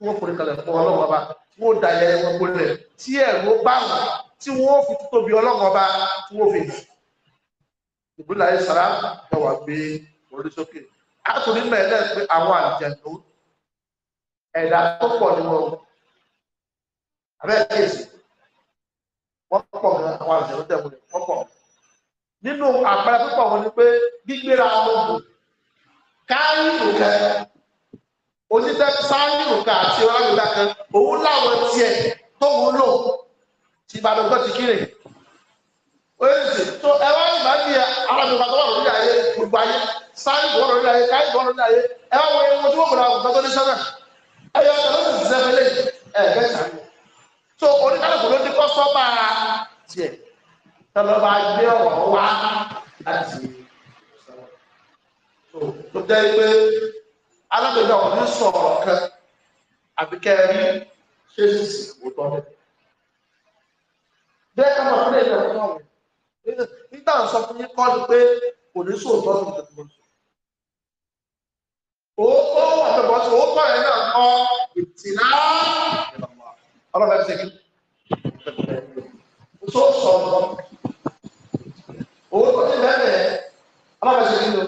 wọ́n forí kalẹ̀ fún ọlọ́run ọba wọ́n da ẹyẹ wọn gbólẹ̀ tí ẹ̀rọ bá wọn tí wọ́n fi tóbi ọlọ́run ọba tí wọ́n fi hàn. ìbúlá ayé sara lọ wà gbé orí sókè látòrí mẹ́lẹ̀ pé àwọn àjẹ̀dó ẹ̀dá tó pọ̀ nínú ọ̀hún abẹ́ẹ̀kẹ́sì wọ́n pọ̀ ní àwọn àjẹ̀dó tẹ̀wọ̀n wọ́n pọ̀ nínú àpẹẹrẹ púpọ̀ wọn ni pé gbígbéra ọmọ ògùn káyọ̀ kẹ́ onítẹ́ sáyìn òkà àti ọlámìlá kan òun láwọn tiẹ̀ tó wúlò ti ìbàdàn tó ti kírè oríṣi tó ẹ wá ìgbà bí alábìlá tó wà lórí ayé gbogbo ayé sáyìn bọ̀ lórí ayé káyìn bọ̀ lórí ayé ẹ wá wọlé wọn tí wọn kò ra òkúta tó ní sọ́nà ẹ yọ ọ̀sẹ̀ lọ́sẹ̀ sísẹ́ fẹ́lẹ́ ẹ bẹ́ẹ̀ sàn tó oníkálùkù ló ní kọ́ sọ́ba tiẹ̀ tọ́lọ́ba gbé ọ̀rọ̀ wá láti sọ̀rọ̀ tó alágbègbè àwọn ní sọ̀rọ̀ kan àbíkẹ́ rí ṣéṣìṣì òótọ́ bẹ́ẹ̀. bẹ́ẹ̀ ká máa fúnlẹ̀ ìlẹ̀ ọ̀tọ̀ rẹ̀ nígbà ń sọ fún yín kọ́ ni pé kò ní sóòótọ́ sí ìjọba. òótọ́ wà lọ́wọ́ sí òótọ́ yẹn náà kọ́ ìtìlá ọlọ́fẹ́ ṣe kí. tó sọ ọ́ òótọ́ ti bẹ́ẹ̀ ọlọ́fẹ́ ṣe kí ni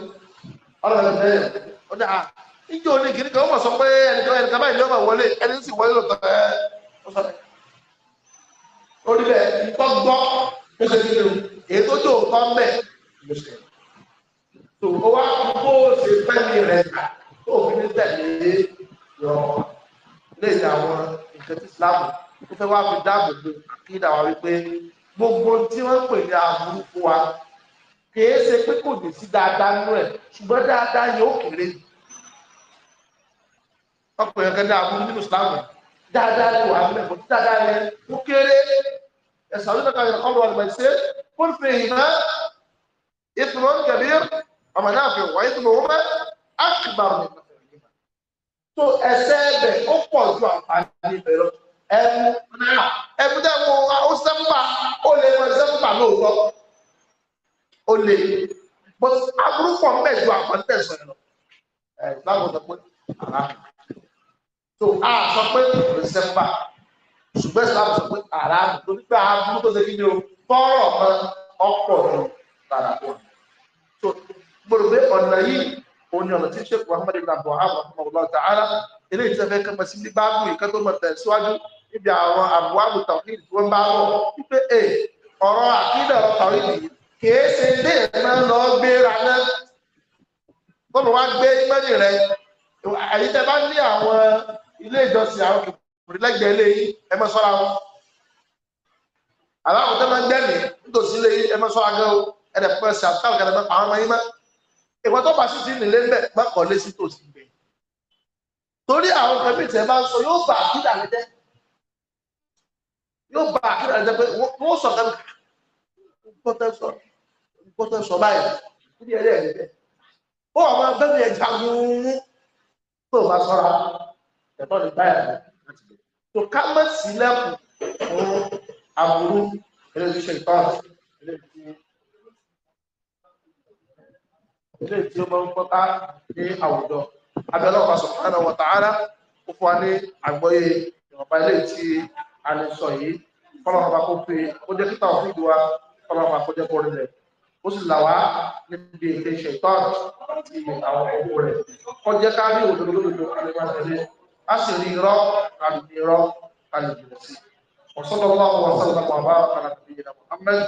ọlọ́fẹ́ ṣe bẹ́ẹ̀ ó níjọ ní kiri kan wọ́n sọ pé ẹnìkan ẹnìkan báyìí ni wọ́n máa wọlé ẹni sì wọlé lọ́tọ̀ ẹ̀ ó sọ bẹ́ẹ̀. orí bẹ́ẹ̀ gbọ́gbọ́ ló ṣe kí lóun èyí tó tó nǹkan mẹ́ ló ṣe. tó o wá bó o ṣe fẹ́mi rẹ̀ kà tó o fi ní tẹ̀lé yọ lé ní àwọn nǹkan tí Islam tó fẹ́ wá fi dáàbò bo kí ní àwọn wípé gbogbo tí wọ́n pè ní aburú fún wa kì í ṣe pé kò ní sí dáadáa nínú rẹ̀ ṣùgbọ́n dáadáa yóò kéré yìí ọkùnrin kan dáa fún nínú islam dáadáa ni wàá mẹ́kọ̀ọ́ tí dáadáa yẹn ó kéré ẹ̀sán ló dọ̀ka yẹn kọ́lù ọ̀lùmọ̀ ṣe fún fèhìnà ìtumọ̀ kẹbíir ọmọ náà fi wáyé tó lọ́wọ́ akbar ní ìgbà tó ẹsẹ̀ ẹbẹ̀ ó pọ̀ ju àǹfààní ibẹ̀ lọ ẹmu náà ẹmu dẹ́ mo ó sẹ́mbà ó lè mọ sẹ́mbà lóòótọ́ ó lè pé àrà tó a sọ pé rìsẹ́mbà ṣùgbọ́n ìsìlámù sọ pé àrà nítorí pé a mú tó ṣe kí ni o tọrọ mọ ọ̀pọ̀ ní lára wọn. tó gbọ́dọ̀ pé ọ̀nà yìí òun ni ọ̀nà tí sheikh muhammed ibn abu ahmed ọ̀gbọ̀n ta'ala ilé ìtẹ́fẹ́ kan mọ̀ sí ní báàbù ìkan tó mọ̀ tẹ̀síwájú níbi àwọn àbúwábù tawhid tí wọ́n bá wọ̀ wípé ẹ̀ ọ̀rọ̀ àkídà ọ̀rọ̀ tawhid yìí kìí ṣe dé ẹ̀mọ́ lọ ilé ìjọsìn àwọn kìkìrì lẹ́gbẹ̀ẹ́ ilé yìí ẹ má ṣọ́ra wọn aláwọ̀ tó máa ń dẹ́nì nítòsí ilé yìí ẹ má ṣọ́ra gan o ẹ̀dẹ̀ pẹ́ sí àtàwọn kẹ̀dẹ̀ mẹ́fà àwọn ọmọ yín mọ́ ìwọ́n tó bá sì ti nílé mbẹ́ mẹ́kọ̀ọ́ lé sí tòsí ibẹ̀ torí àwọn kẹ̀mí tẹ̀ máa ń sọ yóò bá àkídà rẹ jẹ́ yóò bá àkídà rẹ jẹ́ pé wọ́n sọ kẹ́mi gbọ́tẹ́ báyìí níbi ẹ̀rẹ́ ẹ̀ ẹ̀tọ́ ní báyà láti jẹ tó ká mọ́ sílẹ̀kùn fún aburú eléyìí ṣe ìtọ́ eléyìí tí ó máa ń pọ́ká ní àwùjọ abẹ́lẹ́ ọ̀pá subhanahu wa ta'ala ó fún wa ní àgbọ́yé ìwọ̀nba eléyìí tí a lè sọ yìí fọlọ́n ọba kó pe ó jẹ́ kíta òfin ìdíwá fọlọ́n ọba kó jẹ́ kó rí rẹ̀ ó sì là wá níbi ètò ìṣẹ̀tọ́ àti àwọn ọkọ̀ rẹ̀ kọjá ká ní òdodo a sì rí irọ́ àlùdí irọ́ àlùdí rẹ̀ sí وصلى الله وسلم وبارك على نبينا محمد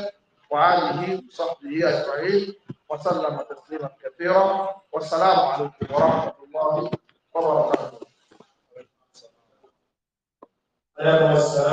وآله وصحبه أجمعين وسلم تسليما كثيرا والسلام عليكم ورحمة الله وبركاته.